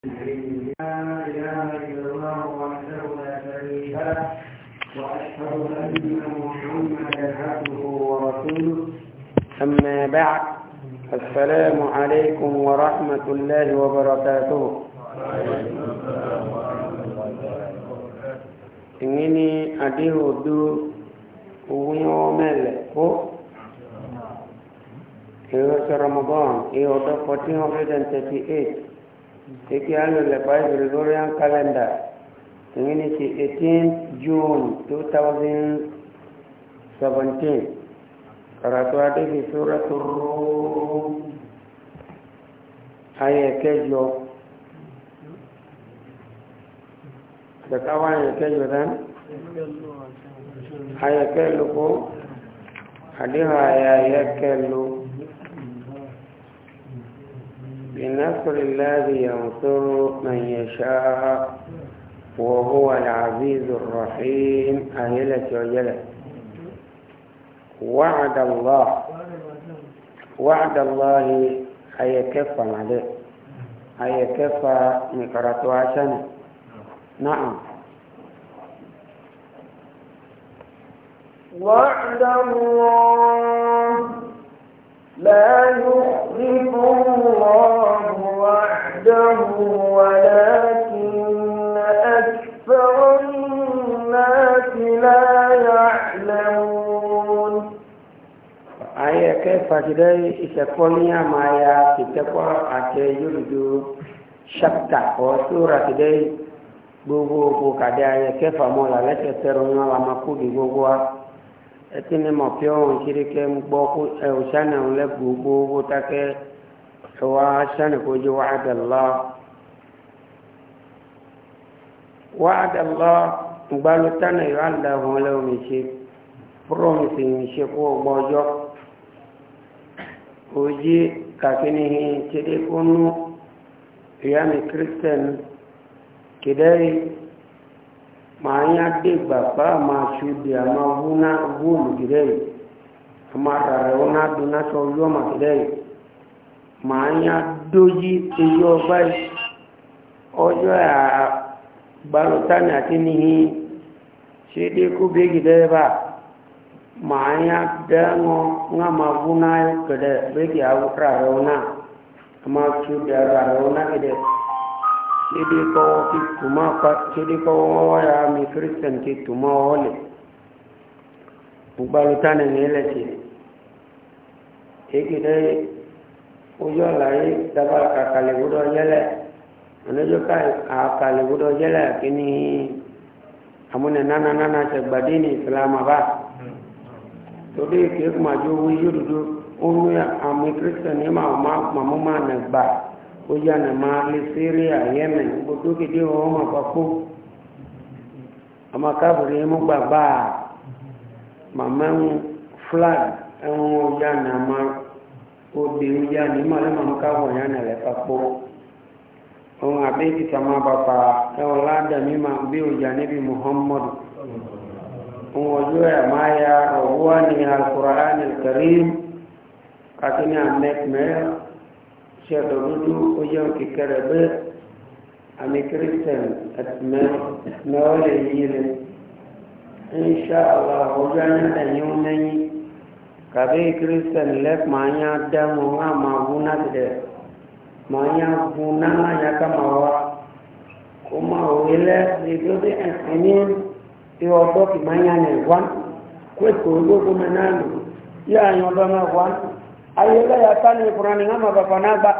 أما بعد السلام عليكم ورحمة الله وبركاته Ingini adihudu uwiyo mele ko Iyo Ramadan iyo 1438 taken under the Bible Gregorian calendar, community 18 June 2017. Karatu hadithi suratu Rum aya kejo dakawa aya kejo dan aya kelu ko hadithi aya kelu بنصر الذي ينصر من يشاء وهو العزيز الرحيم أهلة وجلت وعد الله وعد الله أي أيكفى عليه كفى مكرة سنة نعم وعد الله لا يخلف الله وعده ولكن أكثر يعلمون aya kẹfà ti dẹ ìṣẹ̀kọ́ ní àmàyà ìtẹ́kọ́ àti yorùdó ṣápítà ọ̀ sóra ti dẹ gbogbo kàdé aya kẹfà mọ́ làlẹ́kẹ̀ẹ́ tẹ̀rọ ńlá lamakó bí gbogbo wa ẹtìní mọ̀ pé ọ̀hún kiri kẹ́ ń gbọ́ kó ẹ ò sani ọ̀hún lẹ gbogbo owó takẹ́ ẹ wá sani kó jẹ́ wàhádà lọ. wàhádà lọ gbalu tánà yóò àlà ọ̀hún lẹ ṣe promise mi ṣe kó o gbọ́ ọjọ́. òjì kàkínní hin tẹ́lẹ̀ kó nú ìyá mi kírísítẹ́nì kìdẹ́rì máa ń yáde gbàgbá máa ṣubi àmà wúná wúlù gírẹ́ yìí àmà rárẹ̀ wúná dúná sọ yọ́mà gírẹ́ yìí máa ń yá dójí eyí ọgbà yìí ọjọ́ àgbàlótánì àti níhi ṣe dé kú bí gírẹ́ bá máa ń yá dẹ́ńgọ́ ńgá máa wúná gírẹ́ bí gírẹ́ rárẹ̀ wúná àmà ṣubi rárẹ̀ wúná gírẹ́ yìí sai dai kawo ki tuma fa sai dai kawo waya mi kristan ki tuma wole ubalu tane ne lati eki dai ojo lai daba ka kale gudo yele anojo ka a kale gudo yele kini amune nana nana se gbadini islama ba to dai ke ma jo wi yudu o mi ami kristan ne ma ma ma ma na gba kójá nà máa lé síríà yẹmẹ gbogbo kéde wọn ọmọ àpapọ ọmọ káàbùrì ẹmú gbàgbà màmá ẹhún flag ẹhún ọjà nà máa òde ọjà ní màlẹ màmá káàbùrì ẹhún ẹlẹ papọ ohun àbẹ́ẹ̀kì sàmà bàbà ẹhún ládàá mímà bí ọjà níbi muhammad ohun ọjọ́ ẹ̀ máa ya ọ̀wọ́ ni alukur'an karim kakini amẹ́kùnrin. شادو ويوم كربة أمي كريستيان أتمنى نوال إن شاء الله وجانا يومين kabe kristian lek manya damu nga maguna de manya guna ya kama wa kuma wile nidobe enin iwodo ki manya ne gwan kwe ko go kuma nanu ya nyoba ma gwan ayẹlẹ yàtani kurani ŋama bàbà n'agba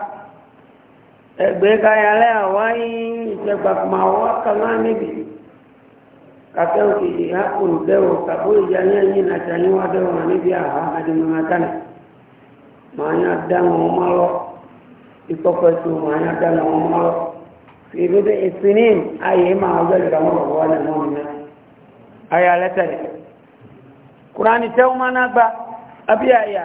ẹgbẹ kayalẹ awayi ìjẹgbàkùmà wa kàmá níbi kakẹ òkèjì ha kùn bẹwò kàbó ìjà ní ẹyìn nàtsà yín wá bẹwò wà níbi àhà àdìmọ̀nà kánà màá nyà dáná wọn má lọ ìkọkọ tó màá nyà dáná wọn má lọ fìdí dé ìsìnì ayé máa ọjọ́ ìdá wọn bàbá wà lẹ́nu wọn nà ayalẹ tẹ̀lé kurani tẹ́wọ́n má n'agba abíyá yà.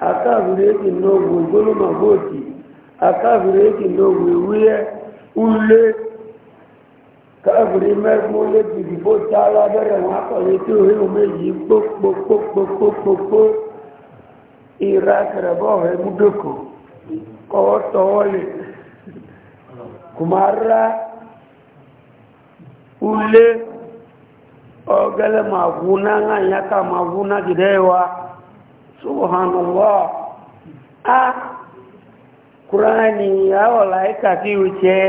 akaghị n'ogwu golomaboti akaghị n'ogwu wuye ule káàbùrí mẹ́gbó lé bìbì bó tààrà bẹ̀rẹ̀ wọn akọ̀lẹ̀ tí ó rí omi yìí pópópópópópó ìrà kẹrẹ̀bọ́ rẹ̀ múdòkò kọwọ́ tọwọ́ lè kò máa rá ulé ọgẹ́lẹ̀ máa wúná ma yá ká máa wúná subhanallah a kúránì àwọ̀ láìka kí o jẹ́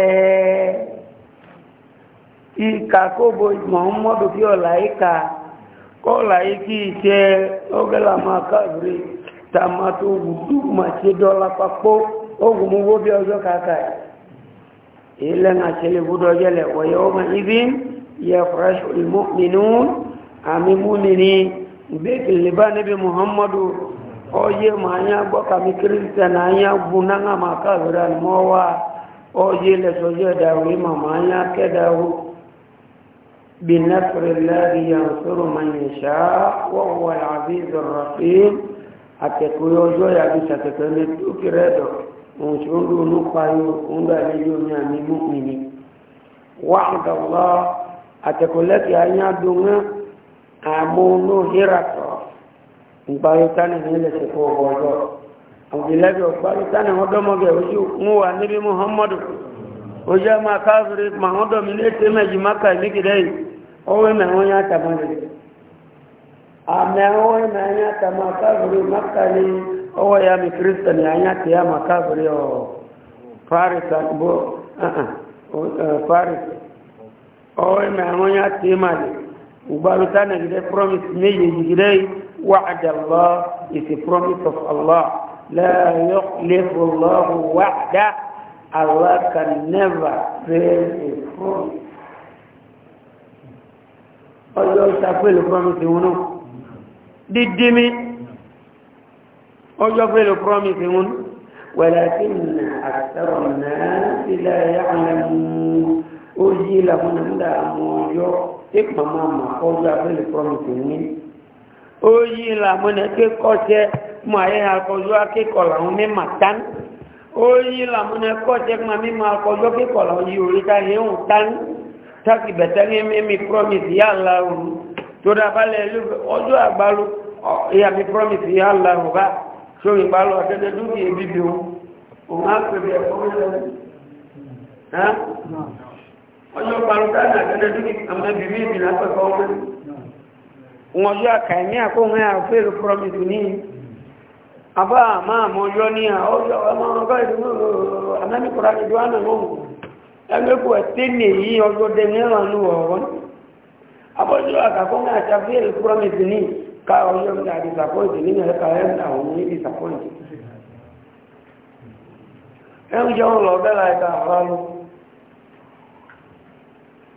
ìkà kóbo mọ̀ọ́mọ́dù kí ọ̀là ìkà kọ́là ìkí ìṣẹ́ ọgẹ́là máa káàkiri tàmà tó wùdú mà ṣe dọ́là papọ̀ ogun mú wó bí ọjọ́ kàkà ilẹ̀ ń àṣẹlẹ̀ wúdọ̀ yẹlẹ̀ wọ̀yẹ́ ọmọ ibi yẹ ìbéèkì lè bá níbi muhammadu ọyẹ màá yá gbọ́ kàmí kírísítẹ̀nì àyà gbónáńgà máa káàkiri àlùmọ́ wá ọyẹ lẹ́sọ̀jọ́ ẹ̀dàwó ìmọ̀ màá yá kẹ́dàwó بنصر الله ينصر من يشاء وهو العزيز الرحيم àtẹ̀kùnrin ọjọ́ ìyàbí ṣàtẹ̀kùnrin tó kéré ohun tí ó ń ronú àmúnú híratọ̀ ìgbàlótánì nílẹ̀ sí fún ọgbọ̀ ọjọ́ àbìlẹ́bì ọgbàlótánì wọ́n dọ́mọ́gẹ̀ ojú mú wà níbi muhammadu ojú ẹmà káàkiri ma wọ́n dọ̀mí ní ètè mẹ́jì máka ìmíkìdẹ́ yìí ọwọ́ ẹ̀mẹ̀ wọ́n yá tàmà rẹ̀ àmì ọwọ́ ẹ̀mẹ̀ yá tàmà káàkiri máka ní ọwọ́ ya mi kírísítẹ̀nì ayá tì yá ma káàkiri ọ̀ paris ọwọ́ ẹ̀mẹ̀ wọ́n yá tì ubarutan gide promise meye gide wa'ada Allah is a promise of Allah la yukhlifu Allah wa'da Allah can never fail a promise ọjọ́ ìṣàpẹ̀lú promise wọn náà dídí mi ọjọ́ pẹ̀lú promise wọn ولكن أكثر الناس لا يعلمون أجي لهم دامو يوم take my mama also abẹ́lẹ̀ promise ní ó yí làmúnẹ kékọ́ṣẹ́ mọ ayé akọjọ́ akékọ̀ làwọn mẹ́mà tán ó yí làmúnẹ kọ́ṣẹ́ mọ mímọ akọjọ́ kékọ̀ làwọn yìí orí ta yẹn ń tán táàkì bẹ̀tẹ́ ní mímí promise yà láhùn tó dábàlẹ̀ ọjọ́ àgbálù ìyá mi promise yà láhùn bá sórí ìgbàlù ọ̀tẹ́tẹ́ dúkìá bíbí o òun á pèbè ẹ̀kọ́ mi ọjọ́ parọ́tà àtẹ́lẹ́ tó ní àmọ́ bìbí ìbì lápẹ́kọ́ ọmọ wọn yọ àkàìmí àkóhun ẹ̀ àfẹ́rù promise ní àbá máa mọ yọ ní ọjọ́ ọmọ ọgọ́ ìdúró àmẹ́mìkọ́ra ìdúró àná mọ́ ẹgbẹ́kù ẹ̀tẹ́ nìyí ọjọ́ dẹ́mẹ́rán ní ọ̀rọ̀ abọ́jọ́ àkàkọ́hún àti àfẹ́rù promise ní ká ọjọ́ ní àdìsàpọ́ǹtì nínú ẹ̀ka ẹ̀ka òun ní ìdìsàpọ́ǹtì ẹ̀ ń jẹun lọ bẹ́ẹ̀ láìka àrá lọ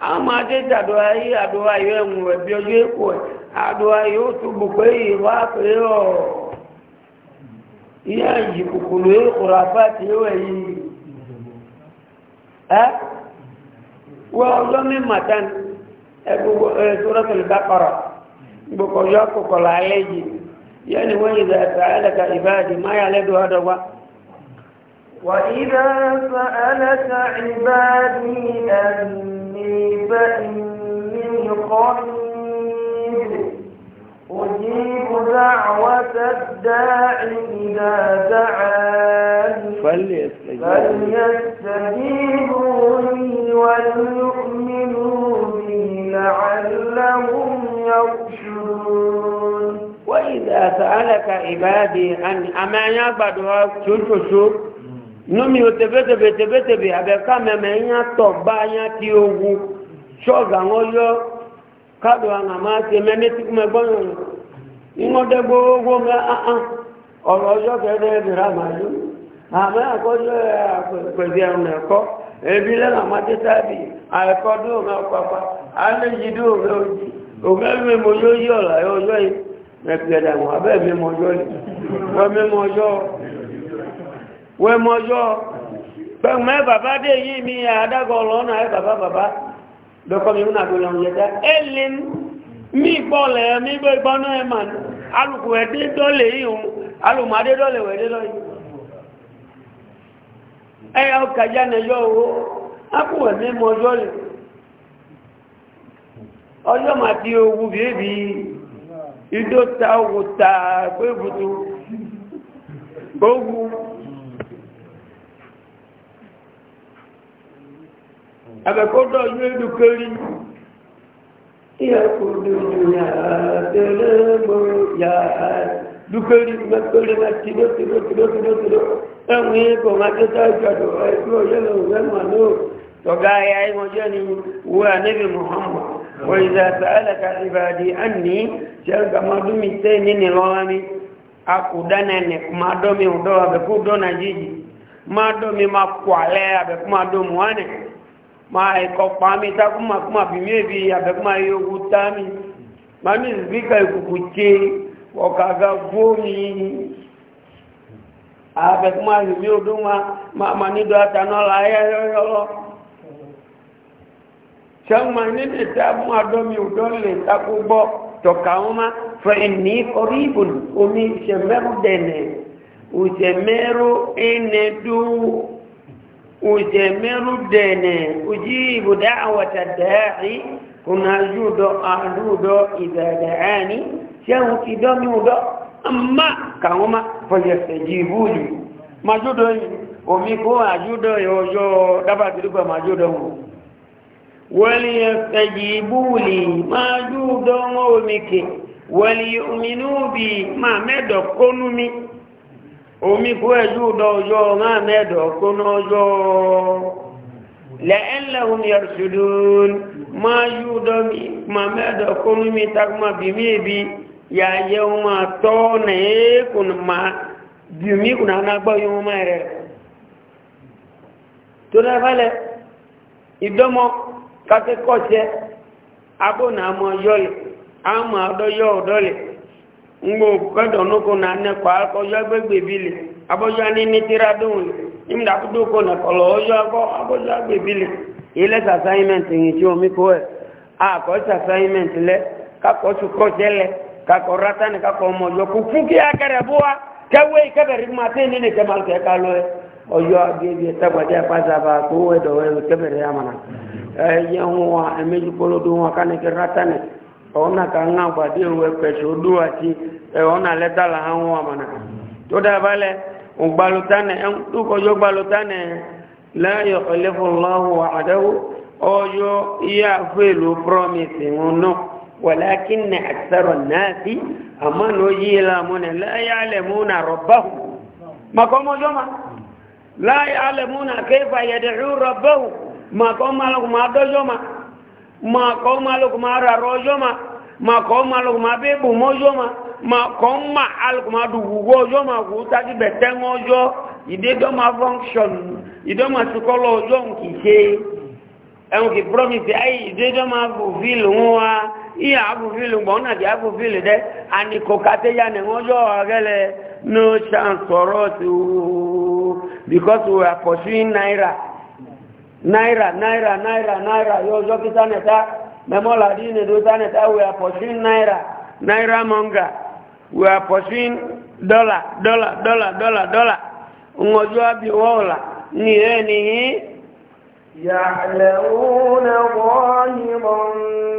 ama adéjà do ayé àdó ayé ẹ̀mú ẹ̀bí ọjọ́ èkó ẹ̀ àdó ayé ó tún bù pé ìwà pé ọ̀ ìyá yìí kòkòrò yi àbáàtì ó ẹ̀yìn ẹ́ wọ́n ọlọ́mí màdán ẹgbogbo ẹ̀sọ́rọ́sọ̀lù bá kọ̀rọ̀ gbogbo ọjọ́ wa. فإني قريب أجيب دعوة الداع إذا دعاني فليستجيبوا لي وليؤمنوا لعلهم يرشدون وإذا سألك عبادي عن أما يعبد شو شو nomi o tebetebe tebetebe abeka meme nya tɔ ba nya ti owu tsɔga ŋɔ yɔ kaɖo aŋa ma se mɛ ne tukume gbɔnyɔ iŋɔ ɖe gbogbo mɛ ahan ɔlɔ yɔ kɛ ɖe ɖe ama yɔ ame akɔyɔ e, akpɛkpɛvi ame kɔ ebi lɛ la ma teta bi akɔ e do ome kpakpa ale yi do ome oyi ome mi mo yɔ yi ɔla yɔ yɔ yi e. mɛ kpɛ ɖe mo abe mi mo yɔ yi ɔmi mo yɔ. wẹ́ mọ́jọ́ pẹ̀mọ́ ẹ bàbá dé yìí mi àdágọ́ lọ́nà ẹ bàbá bàbá lọ́kọ́ mi múnà gbọ́lọ́ yẹta ẹlẹ́n mi bọ́ọ̀lẹ̀ mi gbé gbọ́nà ẹ mà alùpùpù dọ́lẹ̀ yìí dọ́lẹ̀ abẹ́kọ́dọ̀ yóò dùkẹ́rí ìyàkùdù yàtẹ̀lẹ́gbọ̀n yàtẹ̀ dùkẹ́rí mẹ́kẹ́rẹ́ náà tìló tìló tìló tìló tìló ẹ̀wọ̀n yẹn kò máa tẹ́tà ìjọdọ̀ ẹ̀kú ọ̀yẹ́lẹ̀ òwẹ́mà náà tọ́gá ayá ìwọ̀n jẹ́ ni wọ ànẹ́bì muhammad mm. wọ́n ìzà sàálàkà ìbàdí àní ṣẹ́gbà máa dún mi tẹ́ nínú lọ́wọ́ mi akùdá náà nẹ̀ máa dọ́ mi ọ̀dọ́ abẹ́kú dọ́ nàìjíríì máa dọ́ mi máa kọ̀ àlẹ́ abẹ́kú máa dọ́ mu wá nìyẹn ma ikọpa mi ta kuma kuma bi mi ebi abe kuma yogu ta mi ma mi zika ikuku tse ọkaga gbó mi abe kuma yomi odo ma ma ma nido ata n'ọla ayẹyọyọlọ sẹ́wọ́n ma ní ní ta mú adọ́ mi ò dọ́ lè takò gbọ́ tọ̀ka wọn ma fẹ́ ní orí ìbòlù omi ìṣẹ̀mẹ́rù dẹ̀nẹ̀ òṣèmẹ́rù ẹnẹ́dúró. ujemiru dene ujibu da'wata da'i kuna judo adudo idha da'ani shan kido mi udo amma kauma fayastajibuli majudo yi omi ko ajudo yojo daba tiruba majudo mu wali yastajibuli majudo omi ke wali yu'minu bi ma medo konumi omi kú ẹjú ọdọ ọjọ máa mẹdọ kó n'ọjọ lẹ́ẹ̀lẹ́hùn yẹ̀rùsùdùn máa yú ọdọ máa mẹdọ kó ní mi takuma bìmí ebi yà yẹ máa tọ́ nà é kò ní ma bi náà gbọ́ yẹ máa rẹ̀ tó náà falẹ̀ ìdọ́mọ kakẹ́kọ̀ọ́sẹ́ abónàmọ́ yọlẹ̀ mgbe gbẹ́dọ̀ na nà nẹ́kọ̀ akọ́jọ́ agbègbè bí lè abọ́jọ́ ní ní tíra dùn nígbà tó dókò nẹ̀kọ̀lọ̀ ọjọ́ akọ́ abọ́jọ́ agbègbè lè ilẹ̀ sàsáyìmẹ̀ntì yìí tí omi kó ẹ̀ àkọ́ sàsáyìmẹ̀ntì lẹ kakọ́ tukọ́ tẹ́lẹ̀ kakọ́ kí akẹrẹ wa kẹwé ẹ kó wọn wọn ona ka nga gbadi owe peso du ati e ona leta la hanwa mana to da bale ugbalutane en tu ko jo gbalutane la yukhlifu Allahu wa'adahu oyo ya felu promise ngono walakin aktharu an-nasi amanu yila mona la ya'lamuna rabbahum makomo joma la ya'lamuna kayfa yad'u rabbahum makomo lakum adojoma makomo lakum ara rojoma ma kọ ma lɔ ma bɛ bò ọjọọ ma ma kɔ ma ma do wu wɔ ma wu taki bɛ tɛ ŋɔ yɔ ìdè dɔ ma function ìdè ma sukɔlɔ yɔ promise ma ya naira naira naira naira naira Memola dini dutane ta we are naira, naira monga. We are pursuing dollar, dollar, dollar, dollar, dollar. Ungojua biwola. Ni ye ni hii. يعلمون ظاهرا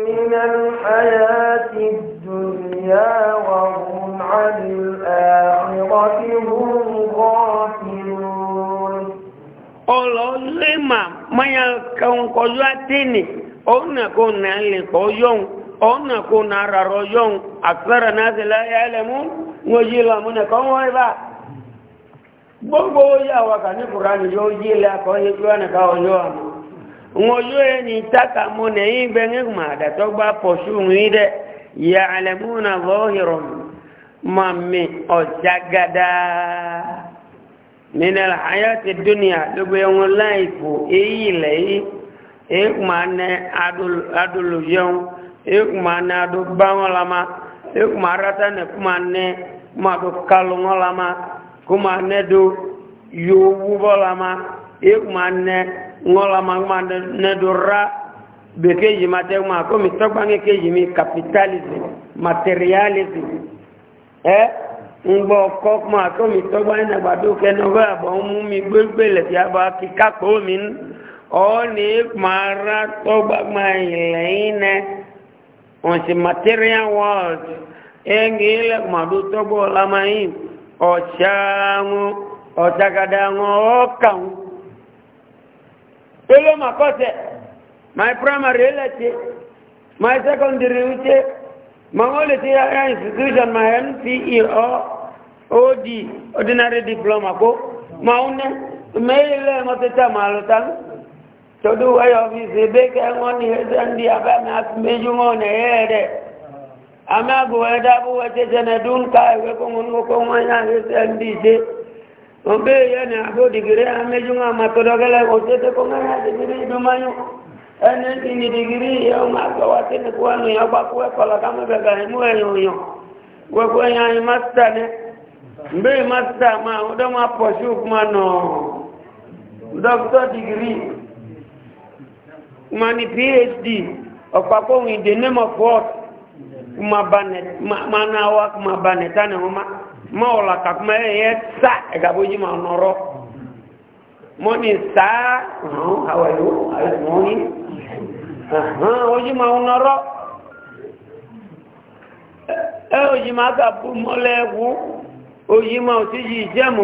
من الحياة الدنيا وهم عن الآخرة هم غافلون. Ọlọ́lẹ́mà máa ń kọ́ ọjọ́ àtẹ́nì. ona ko na le ko yon ona ko na raro yon na si la ya le mun ngo yi la mun ko gbogbo ya wa ka ni qur'an yo yi la ko he yo na ka yo yo ni taka mo ne yi be ngi ma da to gba po su ngi de ya alamuna zahiran mammi o jagada min al dunya e yi ekumane adul adulu yon ekumane adu bangolama ekumarata ne kumane madu kalungolama kumane du yowubolama ekumane ngolama kumane ne du ra bekeji mate kuma komi tokbange keji mi capitalism materialism eh ngbo ko kuma komi tokbange na gbadu kenogo abo mu mi gbegbele ti kika kikapo mi oni mara to bamailaina onse material world engile maduto bola mai ochamu otakadango okam pelo makose my primary reality my secondary uche mangole ti ya institution my mpeo od ordinary diploma ko maune meile mateta malotan todo wayo bi zebe ke ngoni ndi aba na meju ngone ere ama go eda bu wete jana dun ka we ko ngon ko ngona ndi je obe ya na go digire ameju nga matoro gele ote te ko ngana digire dumanyo ene ndi ni digire ya ma go wate ne ko anu ba ko ko kama be ga mu e yo yo go ko ya ni masta ne mbe masta ma odo ma poshu kuma no doctor degree ma ni phd ọ̀pápọ̀ òun name of what ma na wa ma ba nẹ̀ta nẹ̀ wọ́n ma ọ̀la kàkùnmá ẹ̀yẹ sá ẹ̀gàbójì ma nọ̀rọ̀ mọ́ ni sá ọ̀hún àwẹ̀lú àìsàn yìí ọ̀hún ojú ma nọ̀rọ̀ ẹ ojú ma kà bú egwu ẹ̀kú ojú ma òtíjì jẹ́mù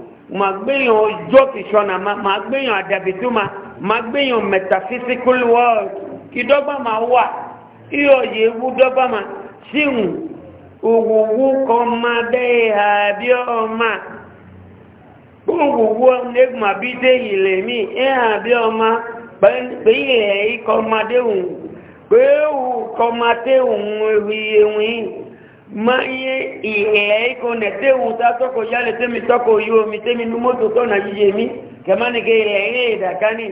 ma gbẹ̀yàn ọjọ́ kìsọ́nà ma gbẹ̀yàn àdàbìtúmà ma gbẹ̀yàn metaphysical world kí dọ́gba ma wà iyọ̀ yìí wú dọ́gba ma síhùn òwòwú kan ma bẹ́ẹ̀ àbí ọmọ òwòwú ẹgbùn àbí dé ilẹ̀ mi ẹ̀ àbí ọmọ pé ilẹ̀ ikọ̀ ma déhùn pé òwò kọ́ ma déhùn ewì ewì yìí. máyé ìhẹ́ ìkọ̀nà tẹ́wù tátọ́kọ̀ yálẹ̀ tẹ́mi tọ́kọ̀ yóò mi tẹ́mi ní mọ́tò na yíye mi kẹmánìkẹ́ ilẹ̀ ilẹ̀ ìdàká ní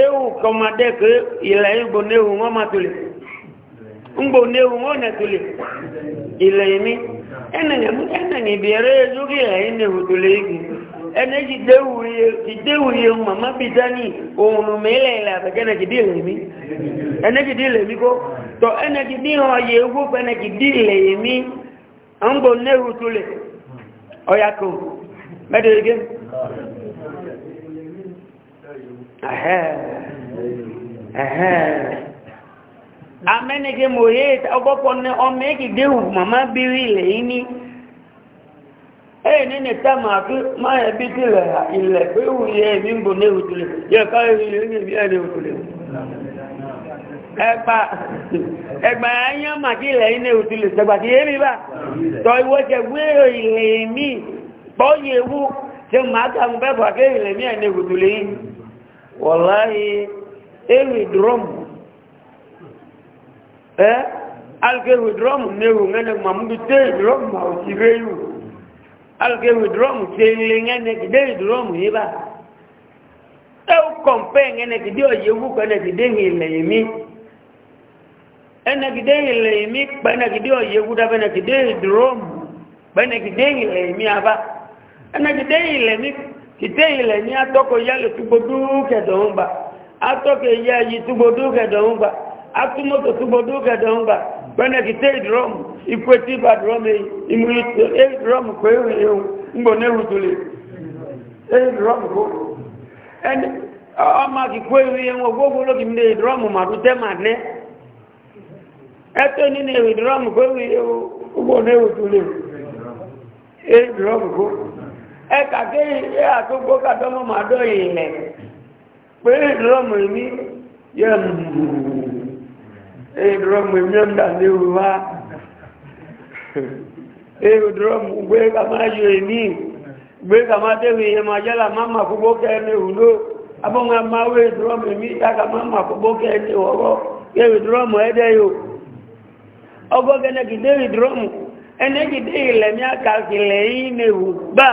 ewu kọmadẹ́kẹ́ ilẹ̀ ìgbò wọ́n máa tòlè ńgbò néhù wọ́n nẹ̀ tòlè ilẹ̀ mi ẹnìyàn ilẹ̀ ìnẹ̀hù tòlè igi ẹni ti déwù tọ ẹnẹ́gì bí hàn yẹ owó dí ilẹ̀ mí ń gbò nẹ́rù tó lè ọya kò mẹ́tẹ̀lẹ́gẹ́ amẹ́nẹ́gẹ́ mò yé ọgbọ́pọ̀ ọmọ ẹ̀kì déhù màmá bí rí ilẹ̀ ní ẹ̀yìn nínú tẹ́mà kí máa ẹbí tí ilẹ̀ pé wù yẹ ẹ̀mí ń gbò nẹ́rù tó lè yẹ ẹgbà ẹgbà ayán màtí ilẹ̀ iná òtún lè sẹgbà tí bá tọ ìwọ́ jẹ wéèrò ilẹ̀ mi wú tí ilẹ̀ mi lè yìí wọ̀láyé èrò ìdúrọ́mù ẹ́ alùkèrò ìdúrọ́mù nérò ńẹ́nẹ́ màmúdú tẹ́ ìdúrọ́mù àwòtí réyù alùkèrò ìdúrọ́mù tẹ́ ìdúrọ́mù yìí bá yìí ẹnẹgidé ilẹ̀ mi pẹnẹgidé ọ̀yẹ́gúdá pẹnẹgidé ìdúrómù pẹnẹgidé ilẹ̀ mi abá ẹnẹgidé ilẹ̀ mi kìtẹ́ ilẹ̀ ní atọ́kọ̀ yálò túgbodú kẹ̀dọ̀ún gbà atọ́kọ̀ yá yí túgbodú to eyi atúmọ̀tò túgbodú kẹ̀dọ̀ún gbà pẹnẹgidé ìdúrómù ìpẹ́tì bá dúrómù ìmú ìdúrómù pé ìhun ńgbọ̀n ewu tó lè ìdúrómù kó ọmọ ma ìhun ìhun ẹ̀tọ́ nínú èwì drum kó wí ọgbọ̀n náà èwì tó léwu èwì drum kó ẹ̀ka kéyìn ẹ̀ àtúgbò kàtọ́mọ́ máa dọ́yìn pé èwì drum mi yẹ mùú èwì drum mi ń dà léwu wá èwì drum gbé ká máa yọ èmi gbé ká máa déwì yẹ máa yálà má máa fúgbó kẹ́ ẹ̀ ní ìwúlò abọ́n ọgọ́ gẹ́nẹ́ kì david rọ́mù ẹnẹ́gìdé ilẹ̀ ní àkàkìlẹ̀ yìí nèwù gbà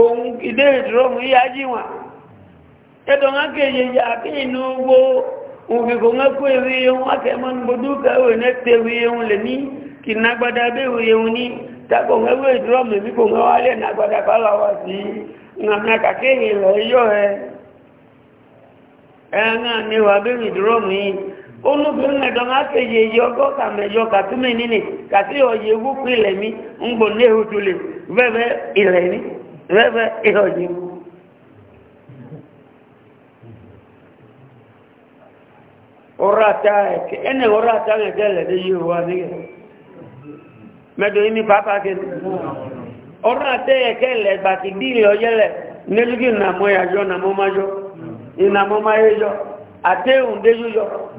òun kì david rọ́mù yíya jíwà ẹ̀tọ́ wọn kéje yà kí inú gbó òkèkò wọn kó ewé yẹun wọn kẹ mọ́ nbọdú káwé ní ẹtẹ ewé yẹun lè ní kì ewé ní tako wọn mi kò wọn wálé nàgbàdà kọ́lá wá sí nàmì àkàkìlẹ̀ yọ ẹ ẹ̀ ní yìí. olóbìnrin ẹ̀dọ́ máa kéye iye ọgọ́ta mẹ́jọ kàtúmí nínú kàtí ọ̀yẹ́ wúkú ilẹ̀ mi ń gbò ní ehudu lè vẹ́vẹ́ ilẹ̀ ní vẹ́vẹ́ ìrọ̀jì mú. ọ̀rọ̀ ata ọ̀rọ̀ ata ẹ̀kẹ́ lẹ́dẹ́ yìí wà níyẹn mẹ́tò yìí ní pápá kẹ́lẹ́ ọ̀rọ̀ ata ẹ̀kẹ́ bàtí ọ̀yẹ́lẹ̀ nílùú kí ìnàmọ́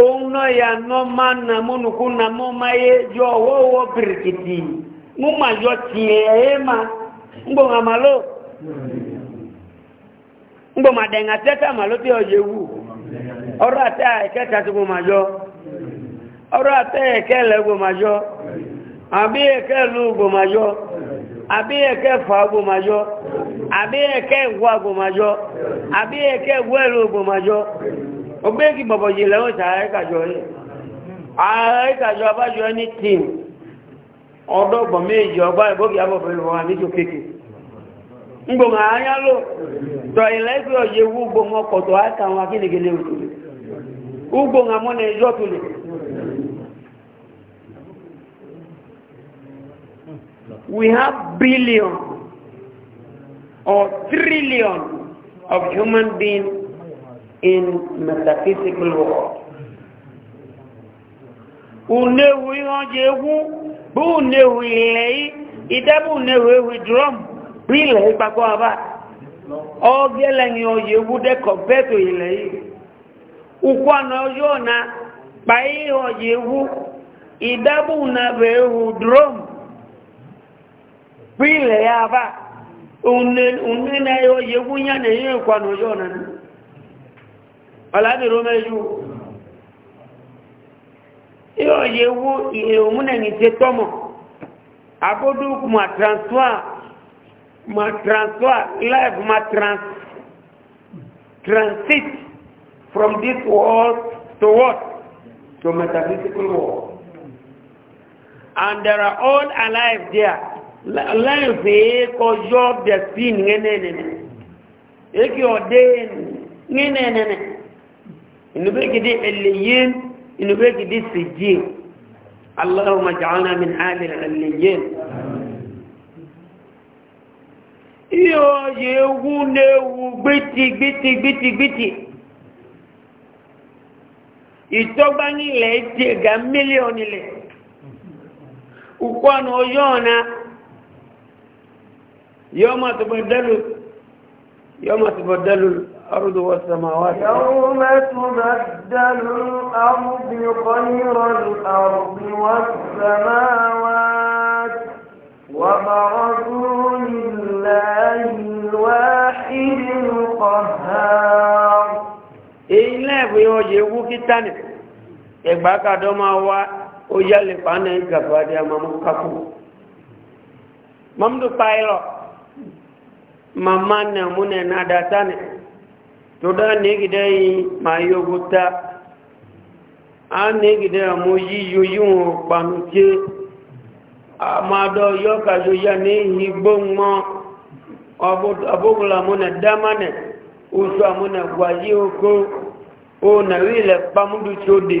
òun náà yà nọ́ máa nà múnukú nà mọ́ máa yé ma ń gbọ́ ma ló ma dẹ̀ngà tẹ́tà ló tí ọ yẹ wù ọ̀rọ̀ àtẹ́ ma yọ ọ̀rọ̀ àtẹ́ ẹ̀kẹ́ lẹ́ gbọ́ ma yọ àbí ẹ̀kẹ́ lù gbọ́ ma yọ àbí ẹ̀kẹ́ fà gbọ́ ma yọ àbí ẹ̀kẹ́ ìwà gbọ́ ma yọ àbí ẹ̀kẹ́ yọ. ogbe ki bọ̀bọ̀ yìí lẹ́wọ́ ìtàyà ìkàjọ yìí ààrẹ ìkàjọ abájọ ní tíìm ọdọ́ méjì ọgbà ìgbókè abọ̀bọ̀ ìwọ̀n wà níjò kéèkè ngbòmọ̀ àáyá tọ̀ ilẹ̀ ìfẹ́ ọ̀yẹ́ wú gbòmọ̀ akínigele we have billion or trillion of human beings in metaphysical world. Unewu ihe jẹ egwu, bí unewu ilẹ̀ yìí, unewu ewu drum, bí ilẹ̀ ìpapọ̀ ọ Ọgẹ́lẹ̀ ni ọyẹ egwu dẹ́ kọ̀pẹ́tò ilẹ̀ ị, ụkwụ anọ yọọ na pàí ọyẹ egwu, ìdábù unewu ewu drum, bụ na na. ọ̀làdìrò mẹ́jú yóò yẹ wó ìhòmúnẹ̀ni ṣe tọ́mọ̀ abódú ma transfer ma transfer life ma trans transit from this world to what to metaphysical world and there are all alive there life yìí kọjọ́ the sin ngẹ́nẹ́nẹ́nẹ́ èkì ọ̀dẹ́ ngẹ́nẹ́nẹ́nẹ́. إنه كده عليين إنه كده سجين اللهم اجعلنا من آل العليين yóò yẹ wú léwu gbìtìgbìtìgbìtìgbìtì ìtọ́gbá nílẹ̀ ti ẹ̀gá mílíọ̀nù ilẹ̀ ukwanu ọjọ́ ọ̀nà yọ́ mọ̀ tó bọ̀ dẹ́lù yọ́ mọ̀ tó bọ̀ dẹ́lù الأرض والسماوات يوم تبدل الأرض غير الأرض والسماوات وبرزوا لله الواحد القهار ilé ìwé ọjọ́ ewu kítánì ìgbàkàdọ́ máa wá ó yálẹ̀ pàánà ìgbàgbàdé àmàmú kápù mọ́mdù pàílọ̀ màmá nà múnẹ̀ nádátánì toda negidai mayoguta a negidai mo yiyo yiwon panuje a ma do yoka yoya ni igbo mo abogula mo na damane usu mo na gwaji oko o na wile pamudu chode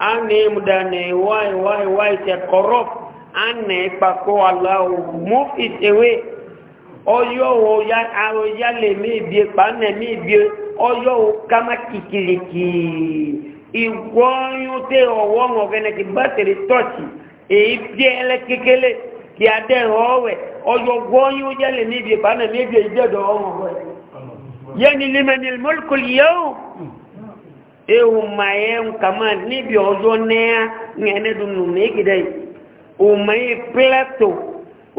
a ne muda ne wai wai wai se korop a ne pako allah move it away ọyọ́ wo ya aro ya lè mí bie kpanẹ mí bie ọyọ́ wo kama kìkìlìkì ìgbọ́nyún tẹ ọwọ́ ŋọ̀ gẹ́nẹ́ kí bátìrì tọ́ọ̀tì èyí bíẹ́ ẹlẹ́ kékeré kí adé ọ̀wẹ̀ ọyọ́ gbọ́nyún ya lè mí bie kpanẹ mí bie ìdẹ́dọ̀ ọ̀wọ̀ wẹ̀ yẹni limani mọlùkùlù yẹwò ewu mayẹ ni níbi ọjọ́ nẹ́ẹ̀ ŋẹ́nẹ́ dunu mẹ́gidẹ́ yìí òmẹ́yì plẹ́tò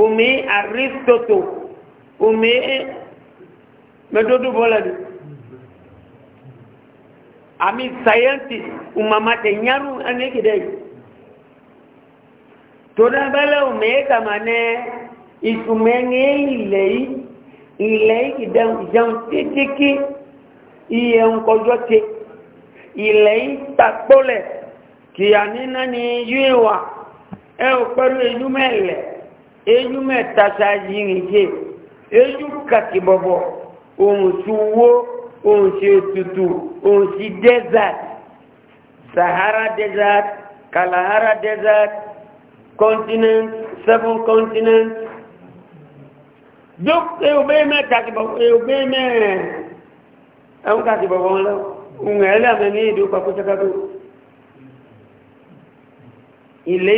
òmẹ́yì arístótò umi medodo bola di ami sayansi, umama te nyaru ane kidai toda bala ume kama ne ikumenge ilei ilei kidan jan titiki iye nkojo te ilei takpole kiyani nani yiwa e o peru ejume ile ejume tasa yinje ejuru kàkì bọ̀bọ̀ ohun tí wó ohun tí ètùtù ohun tí desert sahara desert kalahara desert continent seven continent dók eobé mẹ kàkì bọ̀bọ̀ eobé mẹ ẹ̀hún kàkì bọ̀bọ̀ wọn lọ ohun ẹ̀ lẹ́mẹ̀ ní èdè òpapọ̀ sẹ́kàtò ilé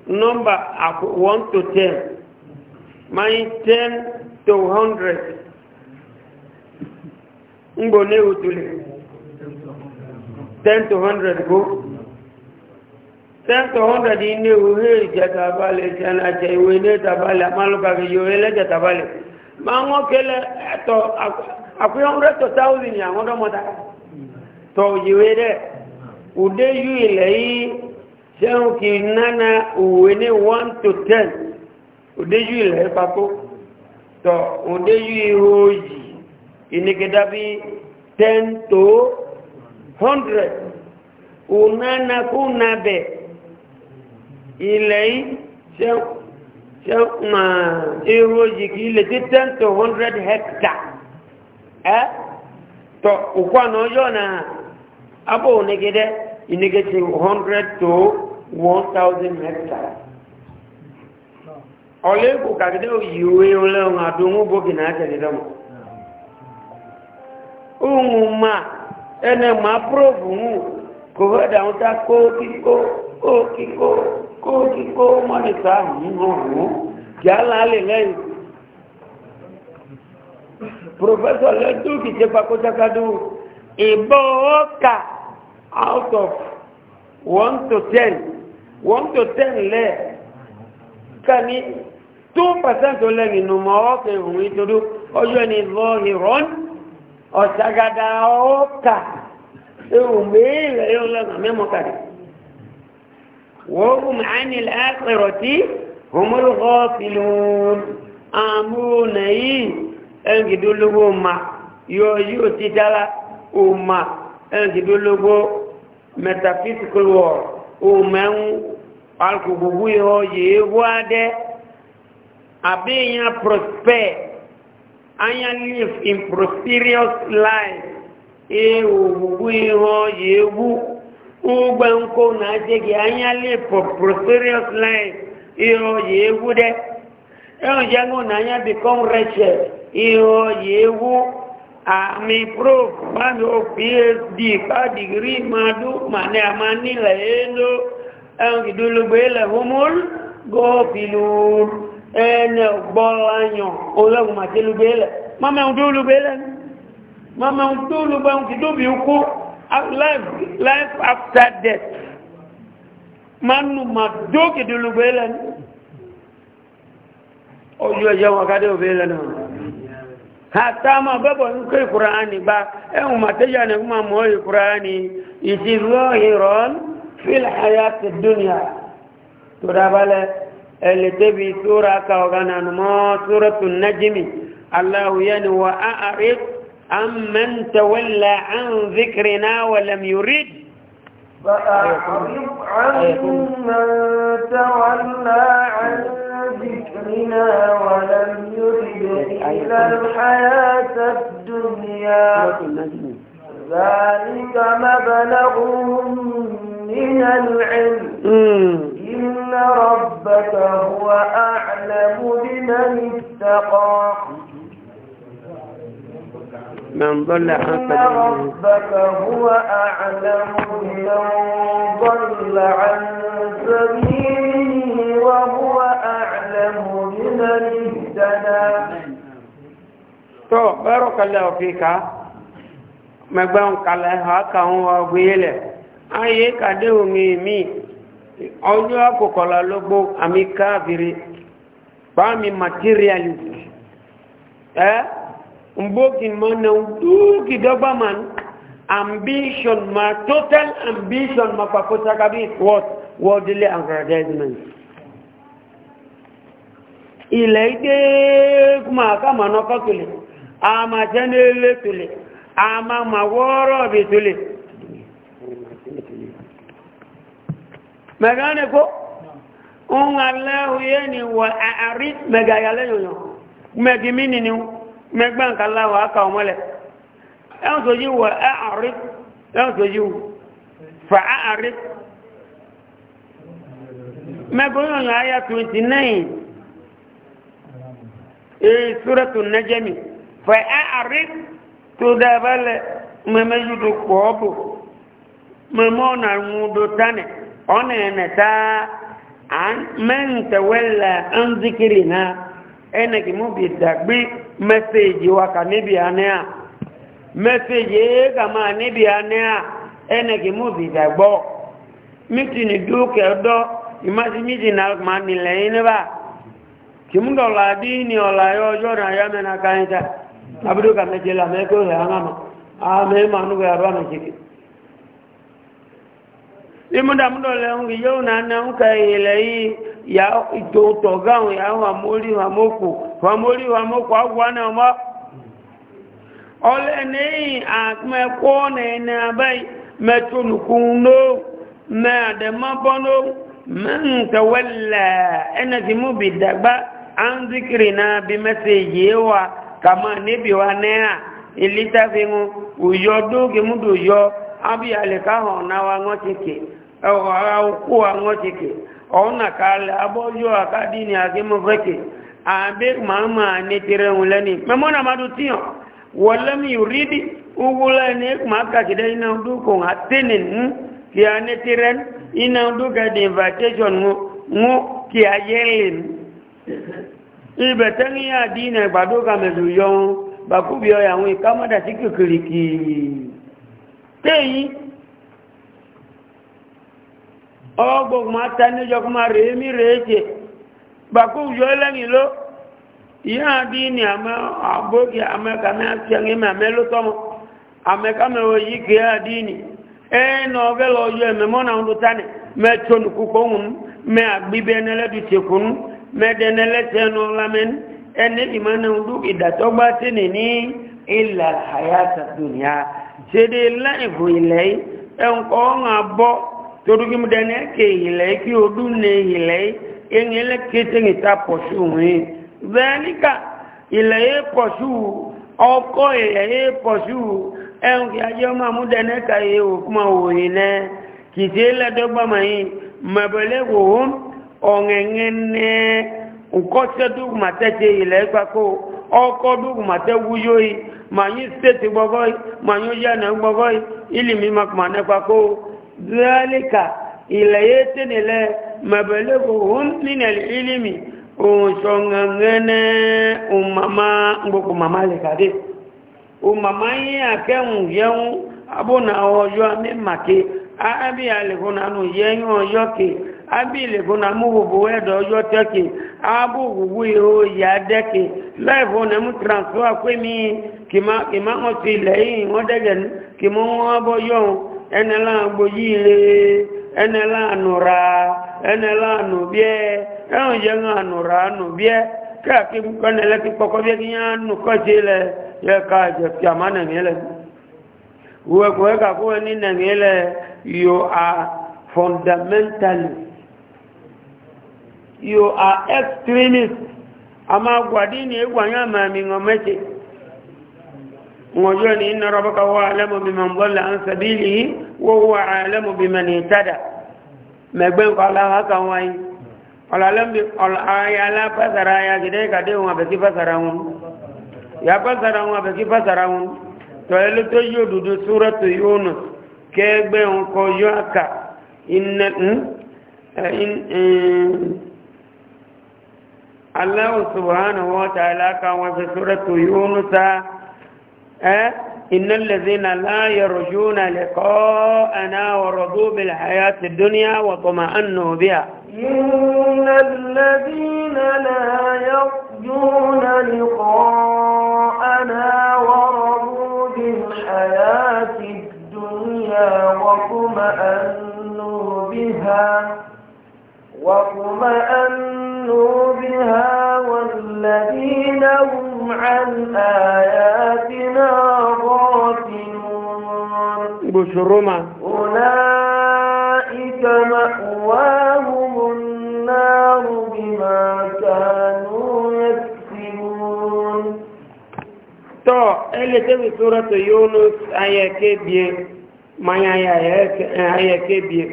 number at 1 to 10 my 10 to 100 ngbo ne utule 10 to 100 go 10 to 100 ine uhe jata bale jana je iwe ne tabale maluka ke yo ele jata bale mango kele to akuyo 100 to 1000 ya ngodo mota to iwe de ude yu ile yi tẹ́hùn kì nánà òwe ní 1 to 10 òdéjú ilẹ̀ papọ̀ tọ̀ òdéjú ihò yìí ìnìkẹta bí 10 to 100 ònánà kó nabẹ̀ ilẹ̀ yìí tẹ́hùn ihò yìí kì ilẹ̀ tí 10 to 100 hectare ẹ́ tọ̀ òkú àná yọ̀ náà abo onege dɛ 100 to 1000 thousand hectare ɔlɛ ko kakidɛ oyiwe ɔlɛ ŋa do ŋu boki na atɛ ma ɛnɛ ma provu ŋu ko hɛ da ŋu ta ko kiko ko kiko ko kiko mɔni ta ŋu ŋu jala le lɛ yi A ọkà out of one to ten one to ten lẹ́ẹ̀ ká ní two percent lẹ́yìn nù mọ́ ọkà ìhùn ìtòdó ọjọ́ ni lọ ìrọ́n ọ̀ṣàgàdà ọkà ìhùn méèlè yóò lẹ́nà mẹ́mọ́ kàrí wọ́n kùn àní láàpẹ̀rọ̀ tí hùmọ́lùkọ́ fìlùún àmúnà yìí ẹ̀ǹgìdólówó ma yóò yóò ti dára ọmọ ẹnìdínlógó metaphysical world ọmọ ẹ̀hún alùpùpù yọ yìí wá dẹ́ àbí ìyẹn prosper anya live in prosperous life ee òwùwù ihò yìí wú ugbe nkó na adịghị anya live prosperous life ihò yìí wú dẹ́ ẹ̀hún na anya become wretched ihò yìí wú àmì prof bámi ó phd bá dìgírí máa dún mà ní a máa nílẹ̀ èlò ẹ̀hùn ìdúlógbé ilẹ̀ homol góòpìlú ẹni ọgbọ́láyàn olóògùn màtílúgbé ilẹ̀ mọ́mẹ́hùn dúlúgbé ilẹ̀ mọ́mẹ́hùn dúlúgbé ohun ti life after death mánu ma dókè dúlúgbé ilẹ̀ ọjọ́ ẹjẹ́ wọn kádé òbí hata mabebo nuko Qur'ani ba eh mateja ne kuma moyo Qur'ani itizahiran fil hayati dunya turabale elitebi sura ka ogana no suratul najm Allah yani wa a'rid amman tawalla an dhikrina wa lam فأعرض عن من تولى عن ذكرنا ولم يرد إلى الحياة الدنيا ذلك مبلغهم من العلم إن ربك هو أعلم بمن اتقى من ضل عن سبيله ربك هو أعلم بمن ضل عن سبيله وهو bẹ́rọ̀ kalẹ̀ òfíkà mẹ́gbẹ́hùn kalẹ̀ àkàhùn ọgbìnlẹ̀ ayé kàdé omi mi ọjọ́ lọ́gbọ́ àmì materialist ẹ́ mbókin mọ́nà ambition ma total ambition ma pakota kabi what worldly advertisement. ilẹ̀ ìdé kúmọ̀ àkàmọ̀ ọ̀nàkọ́ tòlè a ma jẹ́ ní ilé tòlè a ma ma wọ́rọ̀ bí tòlè mẹ̀gánì kó ń alẹ́ òye ni wọ àárí mẹ̀gàyà lẹ́yìn yàn mẹ̀gìmí nìyàn mẹ̀gbàǹkà láwọ̀ àkà ẹ̀wọ̀n tó yí wọ ẹ̀ọ̀rí ẹ̀wọ̀n tó 29 èyí súrẹ́tù nẹ́jẹ́mi fà ẹ̀ọ̀rí tó dábàlẹ̀ mẹ́mẹ́jú tó pọ̀ ọ́bù mẹ́mọ́ ọ̀nà ńwúdo tánẹ̀ ọ̀nà ẹ̀nẹ̀ táá mẹ́ntẹ̀wẹ́lẹ̀ ń dàgbé mẹ́sẹ̀jì ẹ̀ẹ́gàmà níbi àníà ẹnẹ̀kì múbi ìdàgbọ́ mítìnì dúkẹ́ ọdọ́ ìmáṣí mítìnì àmà nílẹ̀ yìí níbà kì mú dọ̀là bí ní ọ̀là ọjọ́ náà mẹ́na káyíta abúdó kà là mẹ́kẹ́ òhè áńgàmà ọlẹ́ni àmẹ́kọ́ nẹ̀ẹ̀nẹ̀ abẹ́ mẹ́tọ́nùkúnnó mẹ́àdẹ̀mọ́bọ́nó mẹ́ntẹ̀wẹ́lẹ̀ ẹnẹ́sì mú bí dàgbá a ń zikiri náà bí mẹ́sẹ̀yẹ wa kàmà níbi wa náà ìlítàfihàn òyọ dókè múdò yọ abíyàlẹ̀káhàn náà wa ngọ́ wọlẹ́mi rídì ugbúlá ẹni ẹkùnmá kàkìdẹ́ iná ọdún kò hàn tẹ́nì mú kí a ní ti rẹ́n iná ọdún kẹ́dẹ̀ invitation mú kí a yẹ lè mú ibẹ̀ tẹ́yìn àdí iná ìgbàdó kàmẹ̀lú yọun bàkúbi ọ̀yà àwọn ìkámọ́dà sí kìkìrì kìí tẹ́yìn ọgbọ̀gbọ̀n atáníjọkùnmá rèémí rèé ihe adịghị na abụghị ameka na-apịaghị ma melụtọ m ameka mewoyi ka ihe adịghị ee na ọbụla ọjọọ ememe na ndụtani metụ nukwukponwu m me agbibe eneledutekwu m medenelete n'ụla men ene dị imana ndu idatọgba tini ni ila hayata dunya sede laifu ilẹ̀ ẹnkọ́ ọ̀nà bọ́ torugim dẹ́nẹ́ ke ilẹ̀ kí odun ne ilẹ̀ yẹn lẹ́kẹ́tẹ́ nìta pọ̀ sí òun yìí bẹ́ẹ̀níkà ilẹ̀ yé pọ̀ṣù ọkọ̀ ilẹ̀ yé pọ̀ṣù ẹ̀hùn kí ajé ọmọ amúdẹ̀ẹ́nẹ́ka yé òkúmọ̀ òyìn náà kì í ṣe lẹ́dọ́gbàmọ̀ yìí ọkọ̀ dùgùmàtẹ́ wúyó yìí màyí stéètì kùmà òṣọ̀ngàngẹ́nẹ́ òmàmá gbogbo màmá lè kàdé òmàmá yí àkẹ́hùn yẹ́hún abúnà ọjọ́ mẹ́màké ábí àlèkúnà nù yẹ́yún ọjọ́ kè ábí ìlèkúnà múhùbù ẹ̀dọ̀ ọjọ́ tẹ́kè ábùgbùgbù ihò ìyá dẹ́kè láìfò nẹ́mú transfer pé mi kìmá ẹ̀hùn jẹ́ ànù rà ánù bí ẹ́ kẹ́ẹ̀kí kọ́nà ẹlẹ́kí kọ́kọ́ bí ya ka nù ma lẹ yẹ ká jẹ fi àmà nàìjíríà lẹ wọ́ẹ̀kọ́ ẹ̀ka kó wọ́n ní nàìjíríà lẹ you are ni ẹgbà yán màmí wọn mẹ́tẹ̀ẹ́ ngojoni inna ọ̀làlẹ́mbì ọ̀làyà aláfẹ́sàrà ya gidẹ́ ìkàdé wọn àbẹ̀kí fẹ́sàrà wọn ya fẹ́sàrà wọn àbẹ̀kí fẹ́sàrà wọn tọ́ ẹlú tó yóò dúdú súrọ́tù yóò nù kẹgbẹ́ wọn kọ yóò àkà aláwòsùwánà wọ́n ta aláka wọn fi súrọ́tù yóò nù ta ẹ́ إن الذين لا يرجون لقاءنا ورضوا بالحياة الدنيا وطمأنوا بها إن الذين لا يرجون لقاءنا بالحياة الدنيا بها بها والذين هم عن آياتنا بشرما أولئك مأواهم eletewi suratu yunus aya kebie maya aya kebie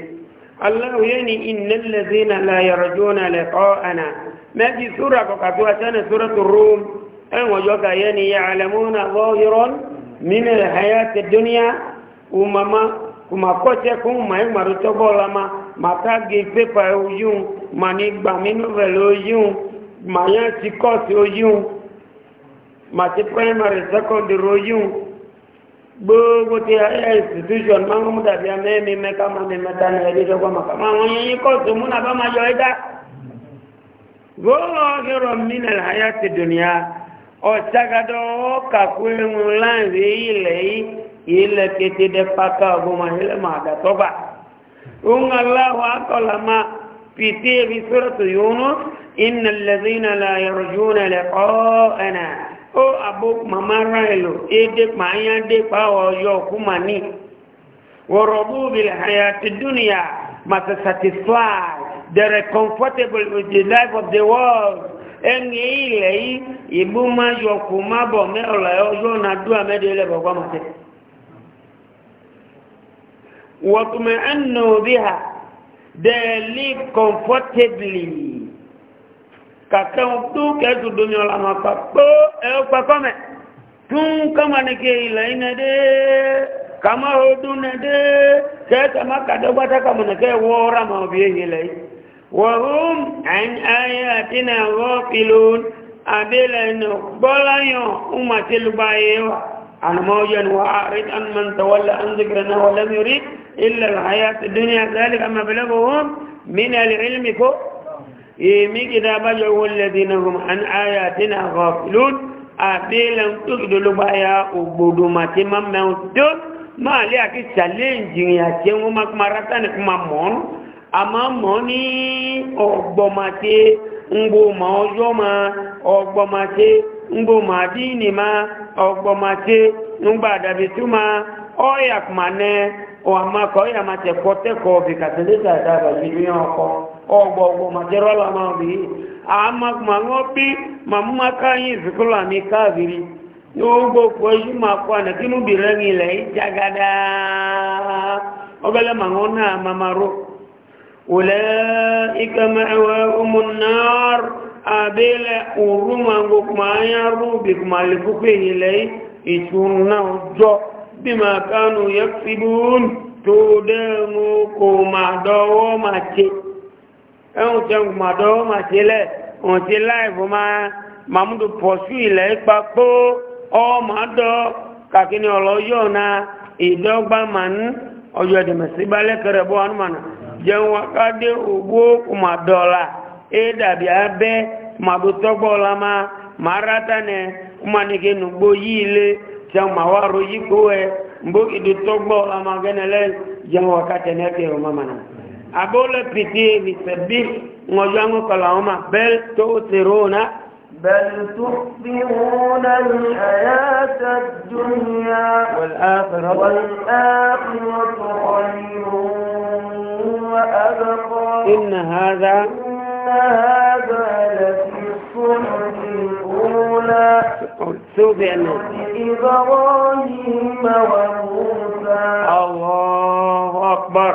allahu yani innal ladhina la yarjuna liqa'ana maji sura kakatuwa tena suratu rum en wajoka yani ya'lamuna zahiran min alhayati dunya umama kuma kote kun mai maruto bolama matage pepa oyun mani gba mi novel oyun maya ti kote oyun màti primary secondary yìí gbogbo ti ayé institution máa ń mú dàbí amẹ́mi mẹ́ta máa mi mẹ́ta ní ẹ̀dí ìjọba màkà máa wọ́n yẹn yín kọ́ọ̀tù mú nàbá máa yọ ẹ́dá gbogbo ọ̀gẹ́rọ̀ mílẹ̀ àyà ti dùnìyà ọ̀ṣàgàdọ̀ ọ̀kàkú ẹ̀hún láìrí ilẹ̀ yìí ilẹ̀ kété dẹ́ pàkà ọ̀gbọ̀n àhílẹ̀ máa dàtọ́gbà ń aláwọ̀ akọ̀là máa pìtẹ́ sọ́rọ̀ tó yóò ó àbò màmá ra ẹ̀lò édè pààyà dé pàwọ̀ ọyọ́ ọkùnmà ní wọ̀rọ̀bù bìlẹ̀ àyàtì dúnìyà màtà satisfy they are comfortable with the life of the world ẹni ilẹ̀ yìí ìbú má yọ kù má bọ̀ mẹ́ọ̀lá ọjọ́ náà dúà mẹ́dẹ̀ẹ́ lẹ́bọ̀ gbọ́mọ̀ tẹ́ wọ̀tùmẹ̀ ẹnu bí ha they live comfortably kàkẹ́ wọn tó kẹ́ẹ̀tù domi ọ̀la ma pa pé ẹ̀rọ pẹ́kọ́ mẹ́ tún kọ́mà ní kí ilẹ̀ iná dé kàmá ọdún náà dé kẹ́ẹ̀kẹ́ má kàdé gbátá kàmà ní kẹ́ wọ́ ọ́ra ma ọ̀bí èyí lẹ̀ yìí wọ́n ayé àti náà wọ́ kìlò abẹ́lẹ̀ náà gbọ́láyàn ọmọ àti lùbáyé wa ànàmọ́yẹn wa àríd anmọ̀ntàwọ́lá anzikirana wọ́lẹ́mìrí ilẹ̀ àyàtì dúnyà zálìkà màbẹ́lẹ́gbọ̀ èmi kìdá bá yọ wọn lẹ́bí náà hùm án ayà tí náà hàn lóòd àbílẹ̀ tó kìdóló bá ya ògbòdò màtí má mẹ́un tó máa lé àti challenge rìn àti wọn má kuma rátà ní kuma mọ́n àmọ́ mọ́ ní ọgbọ̀màtí ngbò ọjọ́ ma ọgbọ̀màtí ngbò mọ́ àdínì ma ọgbọ̀màtí ngbà dàbí tó ma ọ̀yà kùmà náà ọ̀ àmàkọ̀ ọ̀yà màtẹ̀kọ́ tẹ́kọ̀ọ́ bìkàtẹ́lẹ́sà dábàá yìí ní ọkọ̀. ọgbọ̀gbọ̀ ma máa bí àmàgbàwọ́ bí màmúmá káyìn ìsìnkúlà ní káàkiri ní ogbò pọ̀ yí máa kọ́ ànà kí ní bìrẹ́ ní ilẹ̀ ìjagada ọbẹ̀lẹ̀ màwọn náà mamaro wòlẹ́ ikẹ́mẹ́ ẹwẹ́ ọmọnáàr àbílẹ̀ òrùmàgbò kùmáyárú bí kùmàlẹ́kùkù ẹ̀hún jẹ́ gbùmọ̀dọ́ máa ṣe lẹ̀ òun ti láìfò máa màmúdù pọ̀ṣù ilẹ̀ ipa pó ọmọ dọ́ kàkíní ọlọ́yọ̀ náà ìdọ́gba màá ń ọjọ́ ìdìmẹ̀sí balẹ̀ kẹrẹ̀ bọ́ anúmọ̀nà jẹun wákàdé ògbó kùmàdọ́la édàbí abẹ́ kùmàdótọ́gbọ́la máa máa rátá nẹ kùmànìkè nùgbó yí ilé jẹun máa wá ro kó ẹ mbó ìdótọ́gbọ́la máa gẹ́nẹ́lẹ́ jẹun wákàtẹ́ ní ẹ̀kẹ́ ọmọ mọ̀nà. abole piti ngojango kala oma bel serona بل تؤثرون الحياة الدنيا والآخرة والآخرة خير وأبقى إن هذا إن هذا لفي الصحف الأولى إبراهيم وموسى الله أكبر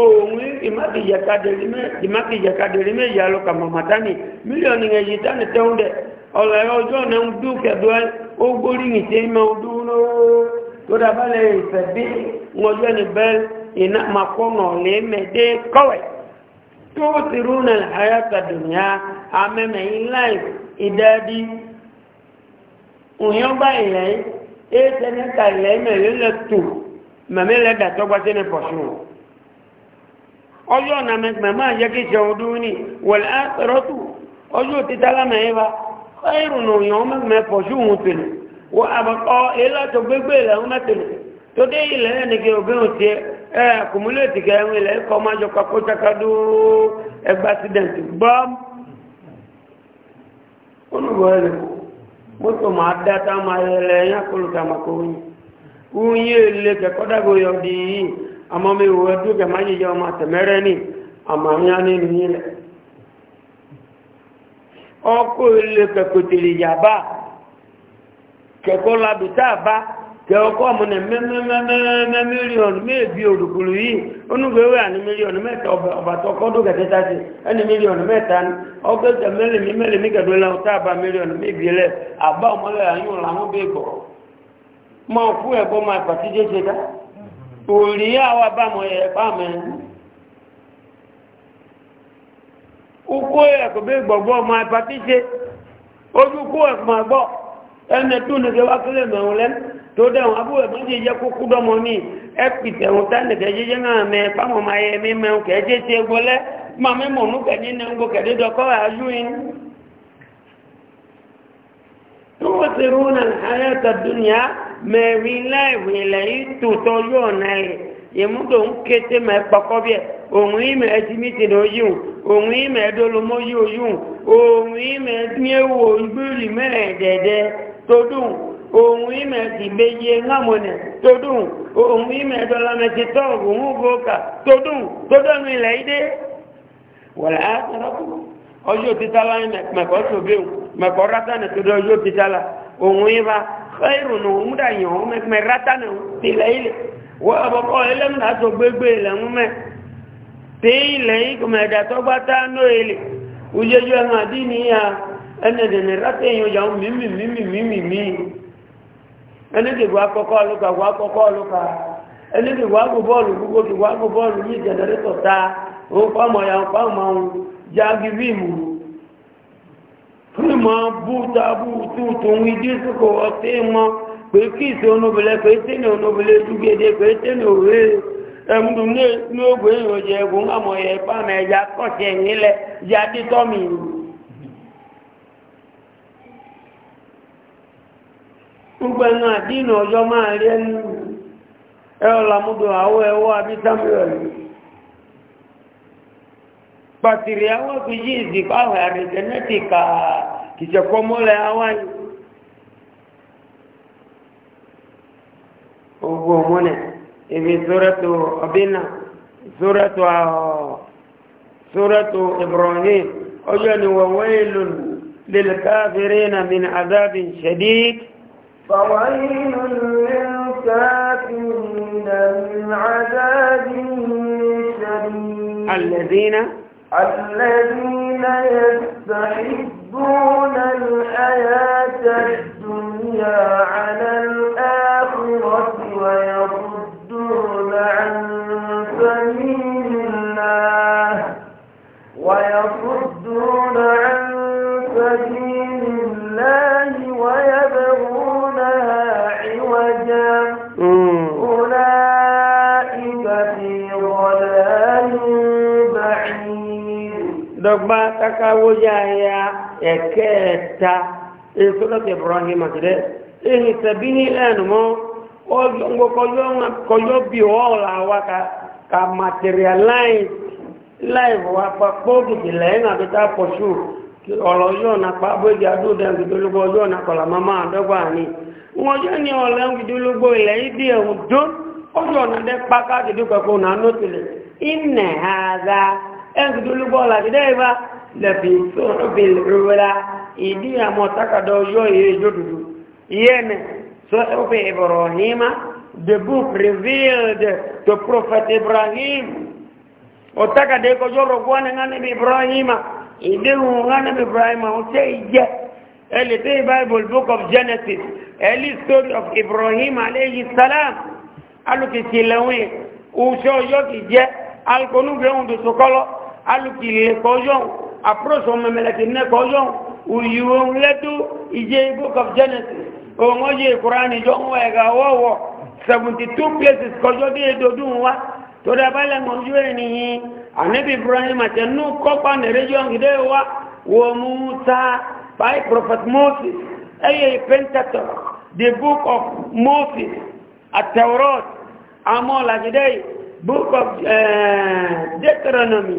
òun ìmákìjàkadìrí méjì alọ́kà mọ̀mátánì mílíọ̀nù ẹ̀yí tánì tẹ́hún dẹ̀ ọ̀rọ̀ ẹ̀rọ ọjọ́ ọ̀nà ń dú kẹ̀dọ́ ó gbórí ìtẹ́ ìmọ̀ ọdún lóó tó dábálẹ̀ ìfẹ́ bí ọjọ́ ni bẹ́ẹ̀ iná makọ́nà lẹ́mẹ̀dẹ́ kọ́wẹ̀ tó ti rúnà ayátàdùnìyà amẹ́mẹ̀ ìláì ìdádí òyìnbá ìlẹ́yìn ètẹ́nẹ́ta ìlẹ́yìn mẹ́lẹ́lẹ́ tù mẹ́mẹ́lẹ́dà tọ́gbàtẹ́nẹ́ pọ̀ṣùn ọjọ́ ọ̀nà mẹ́mà yẹ kí ṣe ọdún ní wọ̀lẹ̀ àtẹ̀rọ́tù ah, ọjọ́ títà lámẹ́yẹ́bá ẹ̀rùn òyàn mẹ́mẹ́ pọ̀ṣù òun tèlè wọ àbọ̀kọ́ elétò gbégbé ìlẹ̀hún mẹ́tẹ̀lẹ̀ tó dé ilẹ̀ ẹnìkẹ́ ògbéhùn ti ẹ kùmúlẹ̀tì kẹrin ilẹ̀ ẹ̀kọ́ máa jọ kakó sakadó ẹgbàsidẹ̀ntì gbọ́m onúbọ̀ ẹ̀lẹ̀ mọ́tò máa dáta máa yẹlẹ̀ ẹ̀yán dìí ama mi wo edu gama yi yɛ ɔma tɛmɛrɛ ya ni ni lɛ ɔkò le kɛkoteli yaba kɛkɔ la ba kɛ ɔkò ɔmo nɛ mɛmɛmɛmɛ mílíɔnù mébi olùkulù yìí ewee ani mílíɔnù mɛta ɔbàtɔ kɔdu kɛtɛ ta ti ɛni mílíɔnù ni ɔkò tɛ mɛlɛmi mɛlɛmi ba aba ɔmo lɛ anyi ɔlànà bɛ gbɔ òrì àwọn abámọ̀ ẹ̀ pàmẹ́ ukú ẹ̀kọ́ bí gbọ̀gbọ́ ọmọ ẹ̀pà tí ṣe ojú kú ẹ̀kọ́ gbọ́ ẹni tó ní ṣe wá kílẹ̀ mẹ́rún lẹ́n tó dẹ̀wọ̀n abúrẹ̀ bí ṣe jẹ́ kókú dọ́mọ ní ẹ̀pìtẹ̀wọ̀n تؤثرون الحياة الدنيا ما ولا ولا تطيون يمدو كتي ما بقبي òun ìmẹ̀ ẹtìmítì ní oyún òun ìmẹ̀ ẹdọ́lọmọ́yí oyún òun ìmẹ̀ ẹdínwó ìgbèrè mẹ́ẹ̀ẹ́dẹ̀ẹ́dẹ́ tó dùn òun ìmẹ̀ ẹdìgbéyé ńlámọ̀nẹ̀ tó dùn òun ìmẹ̀ ẹdọ́lámẹ́tì tọ́ọ̀gù ń gbóòkà tó dùn tó dọ́nu ilẹ̀ ìdé wọ̀lá ọjọ́ títà láì mẹ̀kọ́ tó béèrè mẹ̀kọ́ rátà nà tó dọ̀ yóò ti dá la òun yín bá xeyìrù nù òun dà yàn òun mẹ rátà nà ti lẹ̀ yìí lẹ̀ wọ́n ọ̀bọ̀kọ́ ẹlẹ́mu náà tó gbégbé lẹ̀ ń mẹ́ tí ilẹ̀ yìí kò mẹ̀ẹ́dà tó gbá tá nù èlé ojojú ẹ̀hàn àdí nìyà ẹnẹ̀dẹ̀nẹ̀ rátà yàn yàn mímìmímìmìmì ẹnẹ́dẹ̀gbọ́ akọ́kọ́ ọlọ́kà akọ́kọ́ ọlọ́kà ẹnẹ́dẹ̀gbọ́ agbó bọ́ọ̀lù gbogbo kìwọ́ agbó bọ́ọ̀lù ní jẹ̀nẹ́rétọ̀ ta òun pàmò ya òun pàmò àwọn jágibíìmù fíìmọ̀ bútabú tuntun ìdí sókò ọtẹ́ mọ́ pé kí ìsẹ́ onóbìnrin pé tẹ́nì onóbìnrin dúgbédé pé tẹ́nì òwe ẹ̀mùdùn ní ògbé ìròjẹ́ ẹ̀gùn àmọ̀ ẹ̀ pàmẹ́ ẹ̀yà kọ̀ṣẹ̀ nílẹ̀ ya dítọ́mì gbogbo ẹ̀nà àdínà ọjọ́ máa rí ẹnu ẹ̀ ọ̀làmúdùn àwọ̀ ẹ̀wọ́ àbí samuel pàtìrì àwọn fi yí ìzìkọ́ àwọn àrùn jẹnẹ́tìkà ìṣẹ̀kọ́mọ́lẹ̀ àwọn ogun òmúnẹ̀ ibi sórẹ́tò ọbínà sórẹ́tò sórẹ́tò ibrahim ọjọ́ ni wọ́n wẹ́ẹ̀lùn للكافرين من عذاب شديد فويل للكافرين من عذاب شديد الذين الذين يستحبون الحياة الدنيا على الآخرة ويصدون عن سبيل الله ويصدون عن سبيل gbá takáwó yá ya ẹ̀kẹ́ẹ̀ta ìsọ́lọ́tẹ̀ ibrahim àtìlẹ́ èyí tẹ̀bí ní ẹnu mọ́ kọjọ́ bí ọ̀la wa ka materialize life wa papọ̀ kìkì lẹ́yìn àbíta pọ̀ṣù ọ̀rọ̀ yóò na pa na kọ̀là máma àdọ́gbà ní yóò ní ìdí dó na dẹ́ pákà kìdí pẹ̀kọ́ nà á nótìlẹ̀ ìnẹ̀ ha ẹnkì dúlú bọ́ọ̀lù àdídẹ́ ìbá lẹ́fì sọ́ọ̀bì rúwẹ́lá ìdí àmọ́ takàdọ̀ yọ ìyẹ́ ìjọ́dúdú yẹ́nì sọ́ọ̀bì ibrahima the book revealed to prophet ibrahim ọ̀takàdẹ́ kọjọ́ rọ̀gbọ́n ní ánàbì ibrahima ìdíhùn ánàbì ibrahima ó tẹ́ ìjẹ́ ẹlẹ́tẹ́ bible book of genesis early story of ibrahim aleyhi salam alùpìsì lẹ́wìn òṣèlú yóò ti jẹ́ alùpùpù lóhùn tó sọkọ́lọ́ alùpìlẹ̀ kọjọ́ àpúrọ̀sọ mẹ́mẹ́lẹ́tì ní kọjọ́ òyìnbó lẹ́tọ́ ìjẹ́ book of genesis òun ọjọ́ ìkùránì jọ ń wọ ẹ̀gà wọ́wọ́ 72 places kọjọ́ bí edodun wa tó dábàlẹ̀ mọ̀jú ènìyàn ànẹ́bí ibrahim àtẹnú kọ́pà nìrẹ́jọ́ ìdẹ́ wa wọ musa by prophet moses ẹ̀yẹ pentateuch the book of moses àtẹwọ́rọ́t amọ́làjídẹ́ book of uh, deuteronomy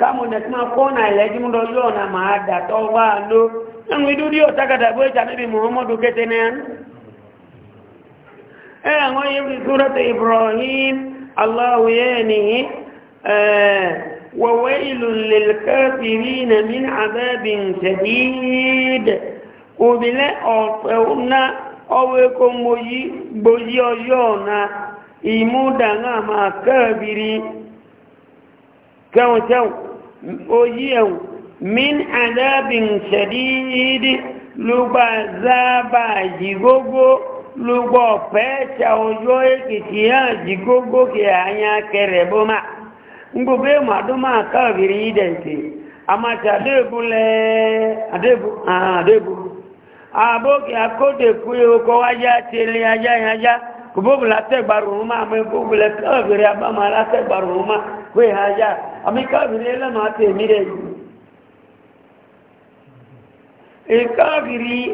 káàmù nẹ̀kúnmá kọ́nà ìlẹ́jú mú lọ́jọ́ ọ̀nà máa dàtọ́ wá ló ẹ̀rùn idú rí ọ̀tágàdà bó ìjà níbi muhammadu kété náà ẹ̀ àwọn yìí súrọ́tẹ̀ ibrahim na min oyi ojíẹ̀wò min adábin ṣẹ̀díìdì lúgbà zábà jìgógó lúgbà pẹ́ẹ̀ṣà ọjọ́ ekiti hàn jìgógó kì àyà kẹrẹ bó máa ń gbogbo èmọ̀ àdúmà káàkiri ìdẹ̀ǹtì àmàtà àdébù lẹ́ àdébù àdébù ah, àbókè akódèkú ẹ̀kọ́ wájá tẹ́lẹ̀ ajá ìyájá kubobu la tẹgbaru ọ̀run máa mẹ́ gbogbo lẹ káàkiri abámá la na ọ̀run emi kó ìhà yá àmì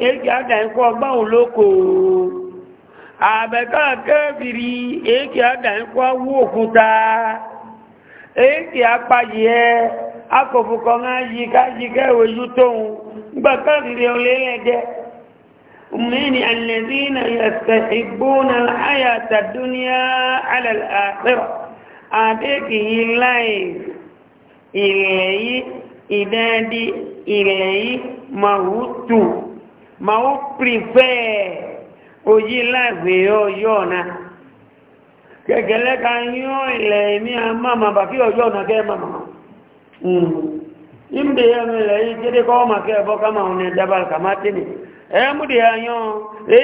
eke ẹlẹ́mà tèmi ọgba ụlọ ìkáàkiri Abe àgà ẹ̀kọ́ ọgbáhùn lóko wu káàkiri من الذين يستحبون الحياة الدنيا على الآخرة أعطيك إلهي إلهي إدادي إلهي موت موت prefer ojí láàfẹ́ ọjọ́ ọ̀nà kẹ̀kẹ̀lẹ́ ka yíò ilẹ̀ èmí a máa bà kí ọjọ́ ọ̀nà kẹ́ máa máa hmm. ìmdè ẹ̀mẹ́lẹ̀ yìí kéde kọ́ ọmọ kẹ́ ẹ̀bọ́ ká máa ọ̀nà ìdábàlì kà máa tẹ́lẹ̀ ẹ̀mùdì àyàn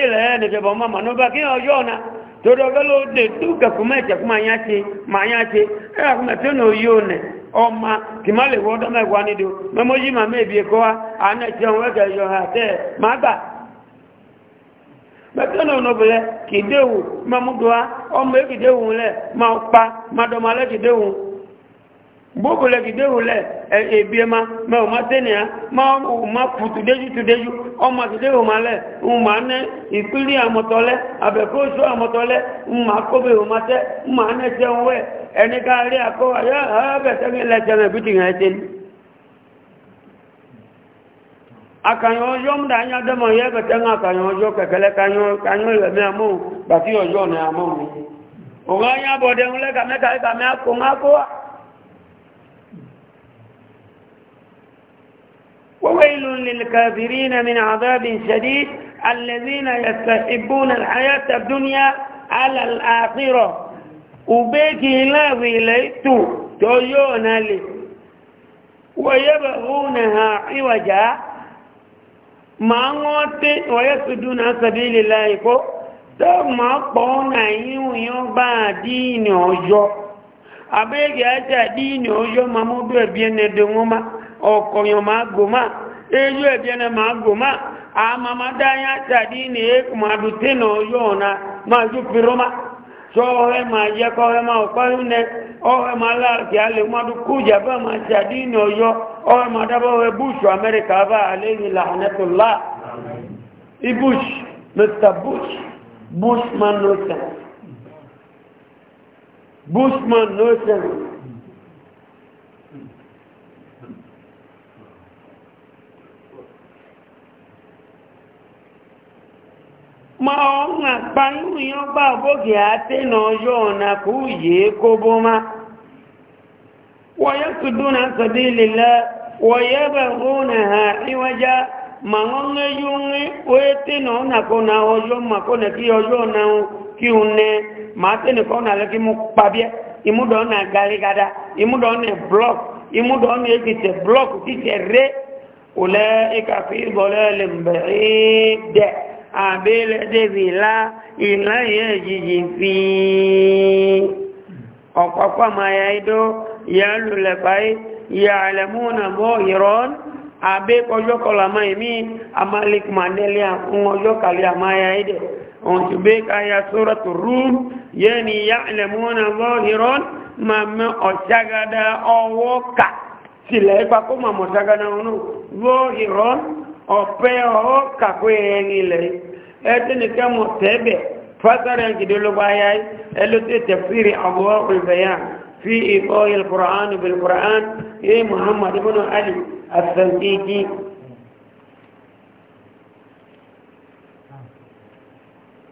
ilẹ̀ ẹnìkẹ̀bọ̀ ọmọ mànúbà kí ọjọ́ ọ̀nà torí ọgọ́lọ́ òde dúkẹ̀kú yọọ na, yá ṣe máa yá ṣe ẹ̀rọ mẹ́tẹ́ ní oyí ònẹ̀ ọma kì má lè wọ́ ọdọ́ mẹ́wàá nídò mẹ́mọ́ kì ọmọ máa pa má dọ́mọ gbogbo lẹ́gidé rúlẹ̀ ma ẹmá mẹ́wọ̀n ya tẹ́nìyà má ma ní ma kóbe òmà ma ní ẹ̀tẹ́wọ̀n wẹ̀ ẹni ká rí àkọ́wà yá àbẹ̀tẹ́gbẹ̀ lẹ́tẹ̀rẹ̀ bí tìyàn ẹ̀tẹ́ ni akanyọ ọjọ́ mú dáa nyádẹ́mọ̀ yẹ́ bẹ̀tẹ́ ń akanyọ ọjọ́ kẹ̀kẹ́lẹ́ kanyọ ìrẹ̀mí àmọ́ gbàtí ọjọ́ ní àmọ́ mi òun á yá وويل للكافرين من عذاب شديد الذين يستحبون الحياة الدنيا على الآخرة وبيكي لا ويليتو توليون لي ويبغونها عوجا ما موت ويسدون عن سبيل الله كو ثم قونا يوبا دين وجو أبيكي أتا دين وجو ما مدو بينا دموما ọkọ̀yàn máa gòmá ejú ẹ̀bí máa gòmá ma yá tàbí ní ẹkùn àdùtẹ́nà ọyọ́ ọ̀nà máa jú pírọ́má sọ ọ̀rẹ́ máa yẹ kọ́ máa ọ̀pá ọ̀rẹ́ máa láàkì alẹ́ mọ́dún kú jàbá máa tàbí ní ọyọ́ ọ̀rẹ́ máa dábọ̀ ọ̀rẹ́ bush amẹ́ríkà bá bush bushman bushman ma ọ̀nà gbanúyàn bá bókè àtẹ́nà ọjọ́ ọ̀nà kú yìí kó bó má wọ́yẹ́ tùdúnà sọ̀dí lílẹ̀ wọ́yẹ́ bẹ̀ rúnà ha níwájá ma wọ́n lé yóò rí oé tẹ́nà ọ̀nà kó na ọjọ́ ma block ìmúdọ̀ ọ̀nà èkìtẹ̀ block títẹ̀ ré òlẹ́ ìkàfí ìbọ̀lẹ́ lè mbẹ̀rẹ́ dẹ̀ àbílẹ̀ débi ìlà ìlà ìyẹ́ ìjìjì fi ọ̀pọ̀pọ̀ maya idó ya lulẹ̀ báyí ya alẹ́múnà mọ́ ìrọ́n àbí ọjọ́ kọlà máa ìmí amalik mandeli àwọn ọjọ́ kàlẹ̀ àmáyà ìdẹ̀ ohun tí bí káyà sóràtù rúm yẹ́ ya ilẹ̀múnà lọ ìrọ́n ma mẹ́ ọ̀ṣágádá ọwọ́ kà sílẹ̀ ipa kó ma ọ̀pẹ́ ọ̀họ́ kàkó ẹ̀yìn ilẹ̀ ẹ̀tẹ́ni kẹ́mù tẹ́bẹ̀ fásitì ìdólógbà ayá ẹlòtí tẹ̀fìrì àbúrò ìbẹ̀yà fi ìkọ́ ìlkùrán ìbìlkùrán yé muhammad ibn ali asanjiji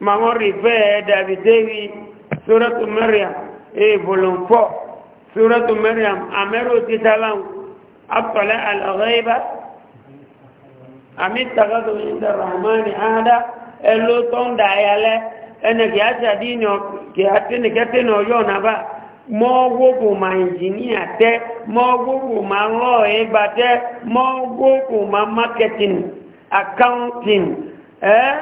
màwọn rìfẹ́ dàbí déwì sórẹ́tù mẹ́rìàm èèbùlùmfọ́ sórẹ́tù mẹ́rìàm amẹ́rò títàlá àpọ̀lẹ́ àlọ́gẹ́ ibà àmì tàgádò ìdá rahmani ahada ẹlò tó ń dàáyà lẹ ẹnì kí á ṣàdí ní kí á tẹ́nì kẹ́tẹ́ ní ọjọ́ nàbà ma ìjìníà tẹ́ mọ́ gbogbo ma lọ́ ẹgbà tẹ́ mọ́ gbogbo ma marketing accounting eh?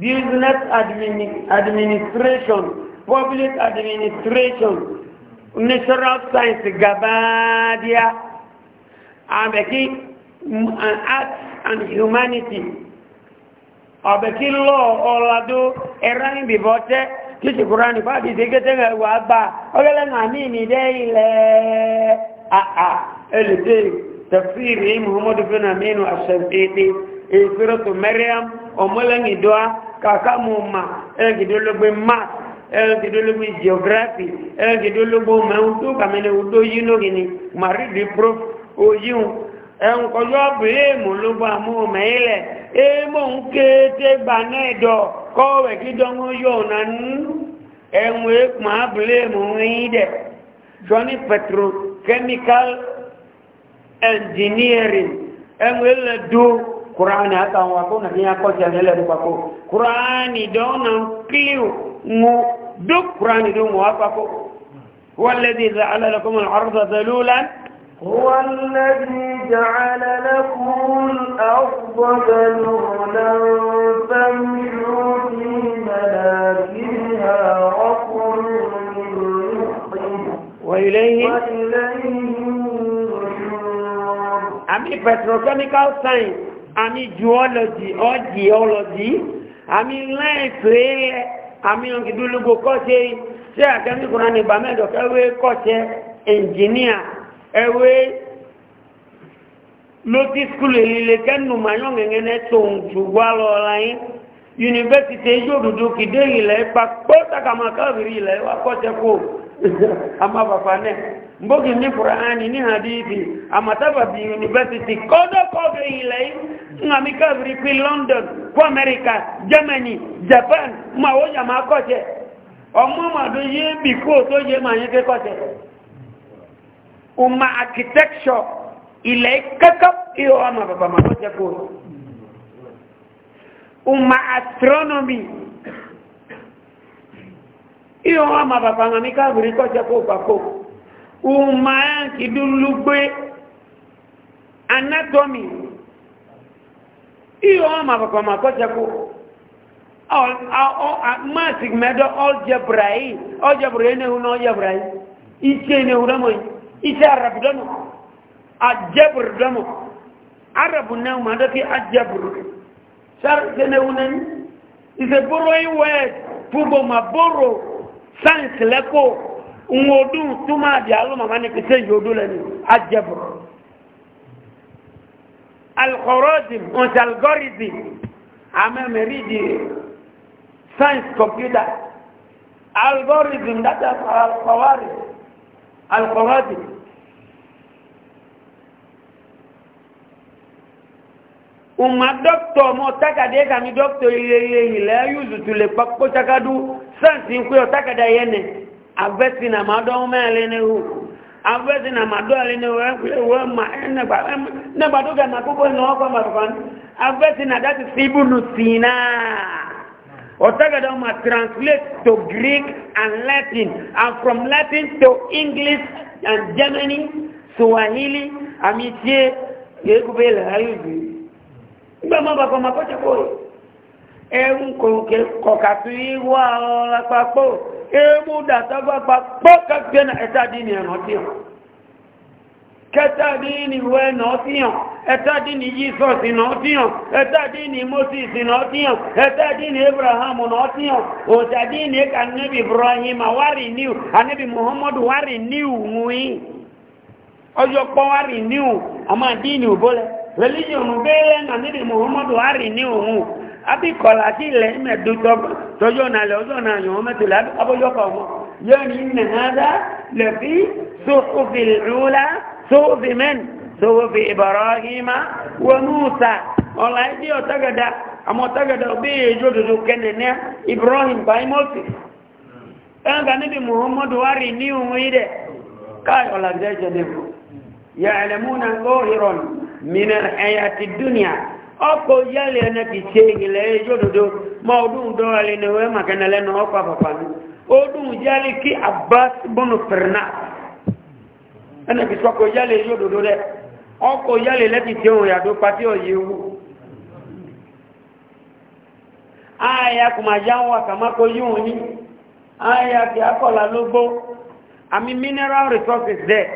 business admini administration public administration natural science gabadia àmì And art and humanity ọ̀bẹ̀ kí lọ ọ̀làdó ẹ̀rá ìbì bọ́ tẹ́ kí sì kúrò nípa àti ìdíkẹ́tẹ́ ẹ̀wà gbà ọgẹ́lẹ́ náà ní ìnìdẹ́ ilẹ̀ àà ẹlẹ́dẹ́ tafsiri muhammadu bin aminu asẹ̀fẹ́dẹ́ ìfẹ́rọ̀tò mẹ́rẹ́m ọmọlẹ́yìndọ́á kàkà mọ́ ma ẹnkọjọ́ bèèmù ló bá mú ọmọ ilẹ̀ èèmọ̀ ń kéèté gbà náà dọ̀ kọ́wẹ̀ kí dánwó yóò na nú ẹ̀wọ̀n èkùnmá bèèmù yìí dẹ̀ johnny petrochemical engineering ẹ̀wọ̀n ilẹ̀ dó kùránì àtàwọn akọ́ nàbí akọ́sí هو الذي جعل لكم الأرض بلولا فامشوا في مناكبها وكلوا من رزقه وإليه àmì petrochemical science àmì geology or geology àmì lẹ́ẹ̀tọ́ ilẹ̀ àmì òǹkìdúlógó kọ́ṣe tí àkẹ́mìkùnrin ìbàmẹ́dọ̀kẹ́wé kọ́ṣe engineer ewe notice school elile kẹnu ma yọ ngẹngẹ ne tó ń tu wá lọ la yín yunifásitì ejú òdodo kìdé ilẹ̀ pa kpọ́ takama káàbìrì ilẹ̀ wa kọ́tẹ́ kó ama bàbá nẹ mbókì ní kuraani ní bi amatababi yunifásitì kọ́dọ̀ yi london amerika germany japan ma wọ́n ma ma uma architecture ilẹ̀ kẹ́kọ́ ihò ọmọ bàbá ma ló jẹ́ kó uma astronomy ihò ọmọ bàbá ma ní káàbìrì kọ́ jẹ́ kó pàpò uma ìdúlúgbé anatomy ihò ọmọ bàbá ma kọ́ jẹ́ kó uh, maasig mẹ́dọ̀ algebra yìí algebra yìí ní ọjọ́ algebra yìí ne ní ọjọ́ mọ́ yìí iṣẹ́ arabu dánù ajẹ́bùrù dánù arabu náà ma dọ́kí ajẹ́bùrù sẹ́nẹ̀wò náà iṣẹ́ bóró ìwẹ̀ púpọ̀ ma bóró sáyẹ̀nsì lẹ́kọ̀ ńwòdún túmọ̀ àdì alọ́màmá ní kìtẹ́ yòódú lẹ́nu ajẹ́bùrù alkọ̀rọ́dìm ọ̀sẹ̀ algọ́rìdìm amẹ́mẹ́rìdì sáyẹ̀nsì kọ̀mpútà algọ́rìdìm dátà القراتب uma doctor mo takade ka mi doctor ilele ile yuzu tule pakko takadu sansi nko takada yene avesi na mado mele ne hu avesi na mado ale ne we we ma ene ba ne ba do ga na ko no ko ma ko avesi na dati sibunu sina Orthogonal must translate to Greek and Latin, and from Latin to English and Germany, Swahili, Amitie, Yekubele, Hayuji. Nígbà máa bàbá máa kọ́ṣẹ́ kó ẹ̀rùn kọ̀kàtù ìwà ọ̀la papọ̀, ẹ̀mú dàtàgbà papọ̀ kẹ́kẹ́ ẹ̀tàdínì ẹ̀nà tí hàn. Kẹ́tàdínì ìwẹ̀ ẹ̀nà tí ẹ̀tàdí ni jesus iná tíyàn ẹ̀tàdí ni moses iná tíyàn ẹ̀tàdí ni abraham iná tíyàn òtàdí ni anabi ibrahim wari new anabi muhammad wari new ŋui ọjọ́ pọ́ wari new àmọ́ àdínì òbólẹ̀ religion bẹ́ẹ̀ anabi muhammad wari new ŋu abikọ̀lá ti lẹ̀ mẹ́ẹ̀dù tọ́jọ́ náà lẹ̀ ọjọ́ náà yọ̀ ọ́ mẹ́tẹ̀lẹ̀ abọ́jọ́kọ̀ ọmọ yẹ́nì ìnà hádà lẹ́fí rúlá sóòfì mẹ́rin sowo fi ibrahima wa musa ọ̀la ẹbí ọ̀tagada àmọ́ ọ̀tagada ọbí èjò dòdò kẹ́nẹ̀ ní ibrahim by moses ẹnka níbi muhammadu wa rí ní ohun yìí dẹ̀ káì ọ̀la jẹ́ jẹ́dẹ̀bù ya ẹlẹ́múnà kóhìrọ̀n mìíràn ẹ̀yà ti dúnìá ọkọ̀ yálẹ̀ ẹ̀nà ti ṣe ìlẹ̀ èjò dòdò mọ́ ọdún dọ́wọ́lẹ̀ ní wẹ́ màkànnẹ́lẹ́ náà ọkọ̀ àpapà ní ọdún yálẹ̀ kí abbas bọ́nù fẹ̀rẹ̀ náà ẹnà ti sọ́kọ̀ yálẹ̀ èjò dòdò ọkọ̀ yálè lẹ́tì tí òun yàdó pàtí ọ̀yẹ́ ewu ààyà kùmàjá ń wà kàmákò yíò ní ààyà kì ákọ̀lá lógbó àmì mineral resources there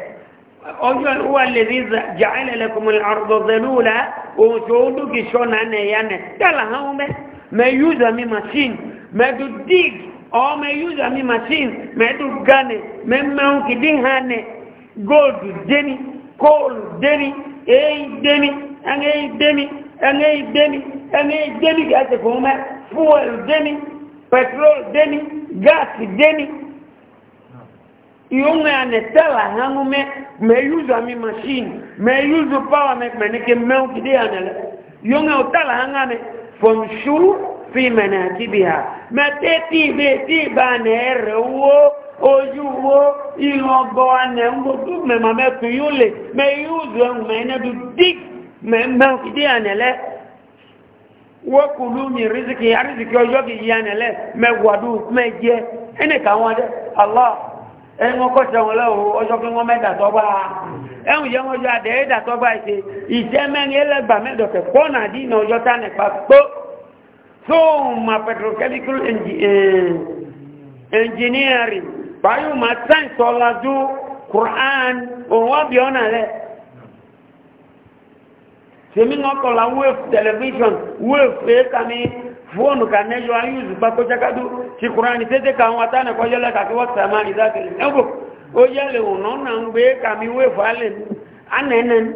ọjọ́ wà lè rí jàílẹ̀lẹ̀kùnmọ̀lẹ̀ àrùgbọ̀gbẹ̀lúùlá ohun tó ó dúkì ṣọ́nà nẹ̀yánẹ̀ tẹ́lá hàn mẹ́ mẹ́ yúzà mi machine mẹ́ tó dig ọmọ yúzà mi machine mẹ́ tó gánẹ̀ mẹ́ mẹ́un kìdí hàn gold góòdù kóòlù déni èyí déni ẹni èyí déni ẹni èyí déni ẹni èyí déni kìí ṣe fún mẹ́ fúwẹ̀lù déni pẹtrol déni gáàsì déni ìhun ẹ̀ ànẹ̀ hánú mẹ́ mẹ́ yúzọ àmì machine mẹ́ yúzọ power mẹ́ pẹ̀lú kí mẹ́wọ́n ti dé ànẹ̀ lẹ́ ìhun ẹ̀ tẹ́lá hánú mẹ́ fọ̀nṣú fíìmẹ̀ náà ti bì hà mẹ́ tẹ́ tí ì bẹ́ẹ̀ tí bá ànẹ̀ rẹ̀ wó. ojú wo ìran ọgọ́ anẹ̀ ń gbogbo mẹ̀mà mẹ́kùn yóò lè mẹ́ yóò dùn ẹ̀hùn mẹ́ẹ̀nẹ́dù dík mẹ́mẹ́ òkìdí ànẹ̀lẹ́ wọ́kùlú mi rízìkì àrízìkì ọjọ́ kìí ànẹ̀lẹ́ mẹ́wàdù mẹ́jẹ ẹnìkàwọn ma petrochemical eh, engineering báyọ̀ máa tán ìtọ́lájú quran òun wá ọ na rẹ̀ sèmi ń ọkọ̀la wave television ee fèéka mi fóònù ka nẹ́yọ ayúzù pápó jákàdú ti quran tètè ka wọn tánà kọjọ́ lẹ́ka kí wọ́n sàmà ìdákẹ́lì ẹ̀bùn ó yẹ́lẹ̀ òun náà ń gbé ka mi wave alẹ́ mi anẹ́nẹ́ mi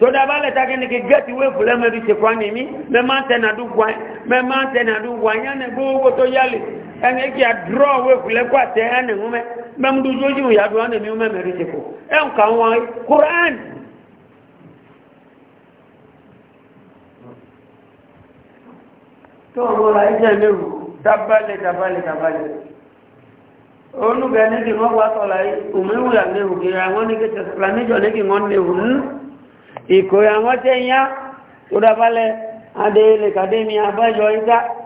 tọ́dá bá lẹ́ta kẹ́ni kí gẹ́ẹ̀tì wéèfù lẹ́mẹ́bí ṣe kwá ní mí mẹ́ máa ń tẹ́nà dúgbà yánà gbogbo tó yálè ɛŋɛ kia drɔ wo ekulɛ kó atɛ ɛnɛ ŋumɛ mɛmudu dzodzi wò yadu ɛnɛ mi ŋumɛ mɛri tseko ɛŋ ka ŋua kuran tó ŋun la ɛdí ɛnɛ wò dabali dabali dabali onu bɛ ne ti ŋɔ wa tɔ la yi omewu la ne wò ke aŋɔ ne ke tɛsɛ la ne jɔ ne ti ŋɔ ne wò nu iko aŋɔ tɛ nya wò dabalɛ adeele kademi abajɔ yi ta.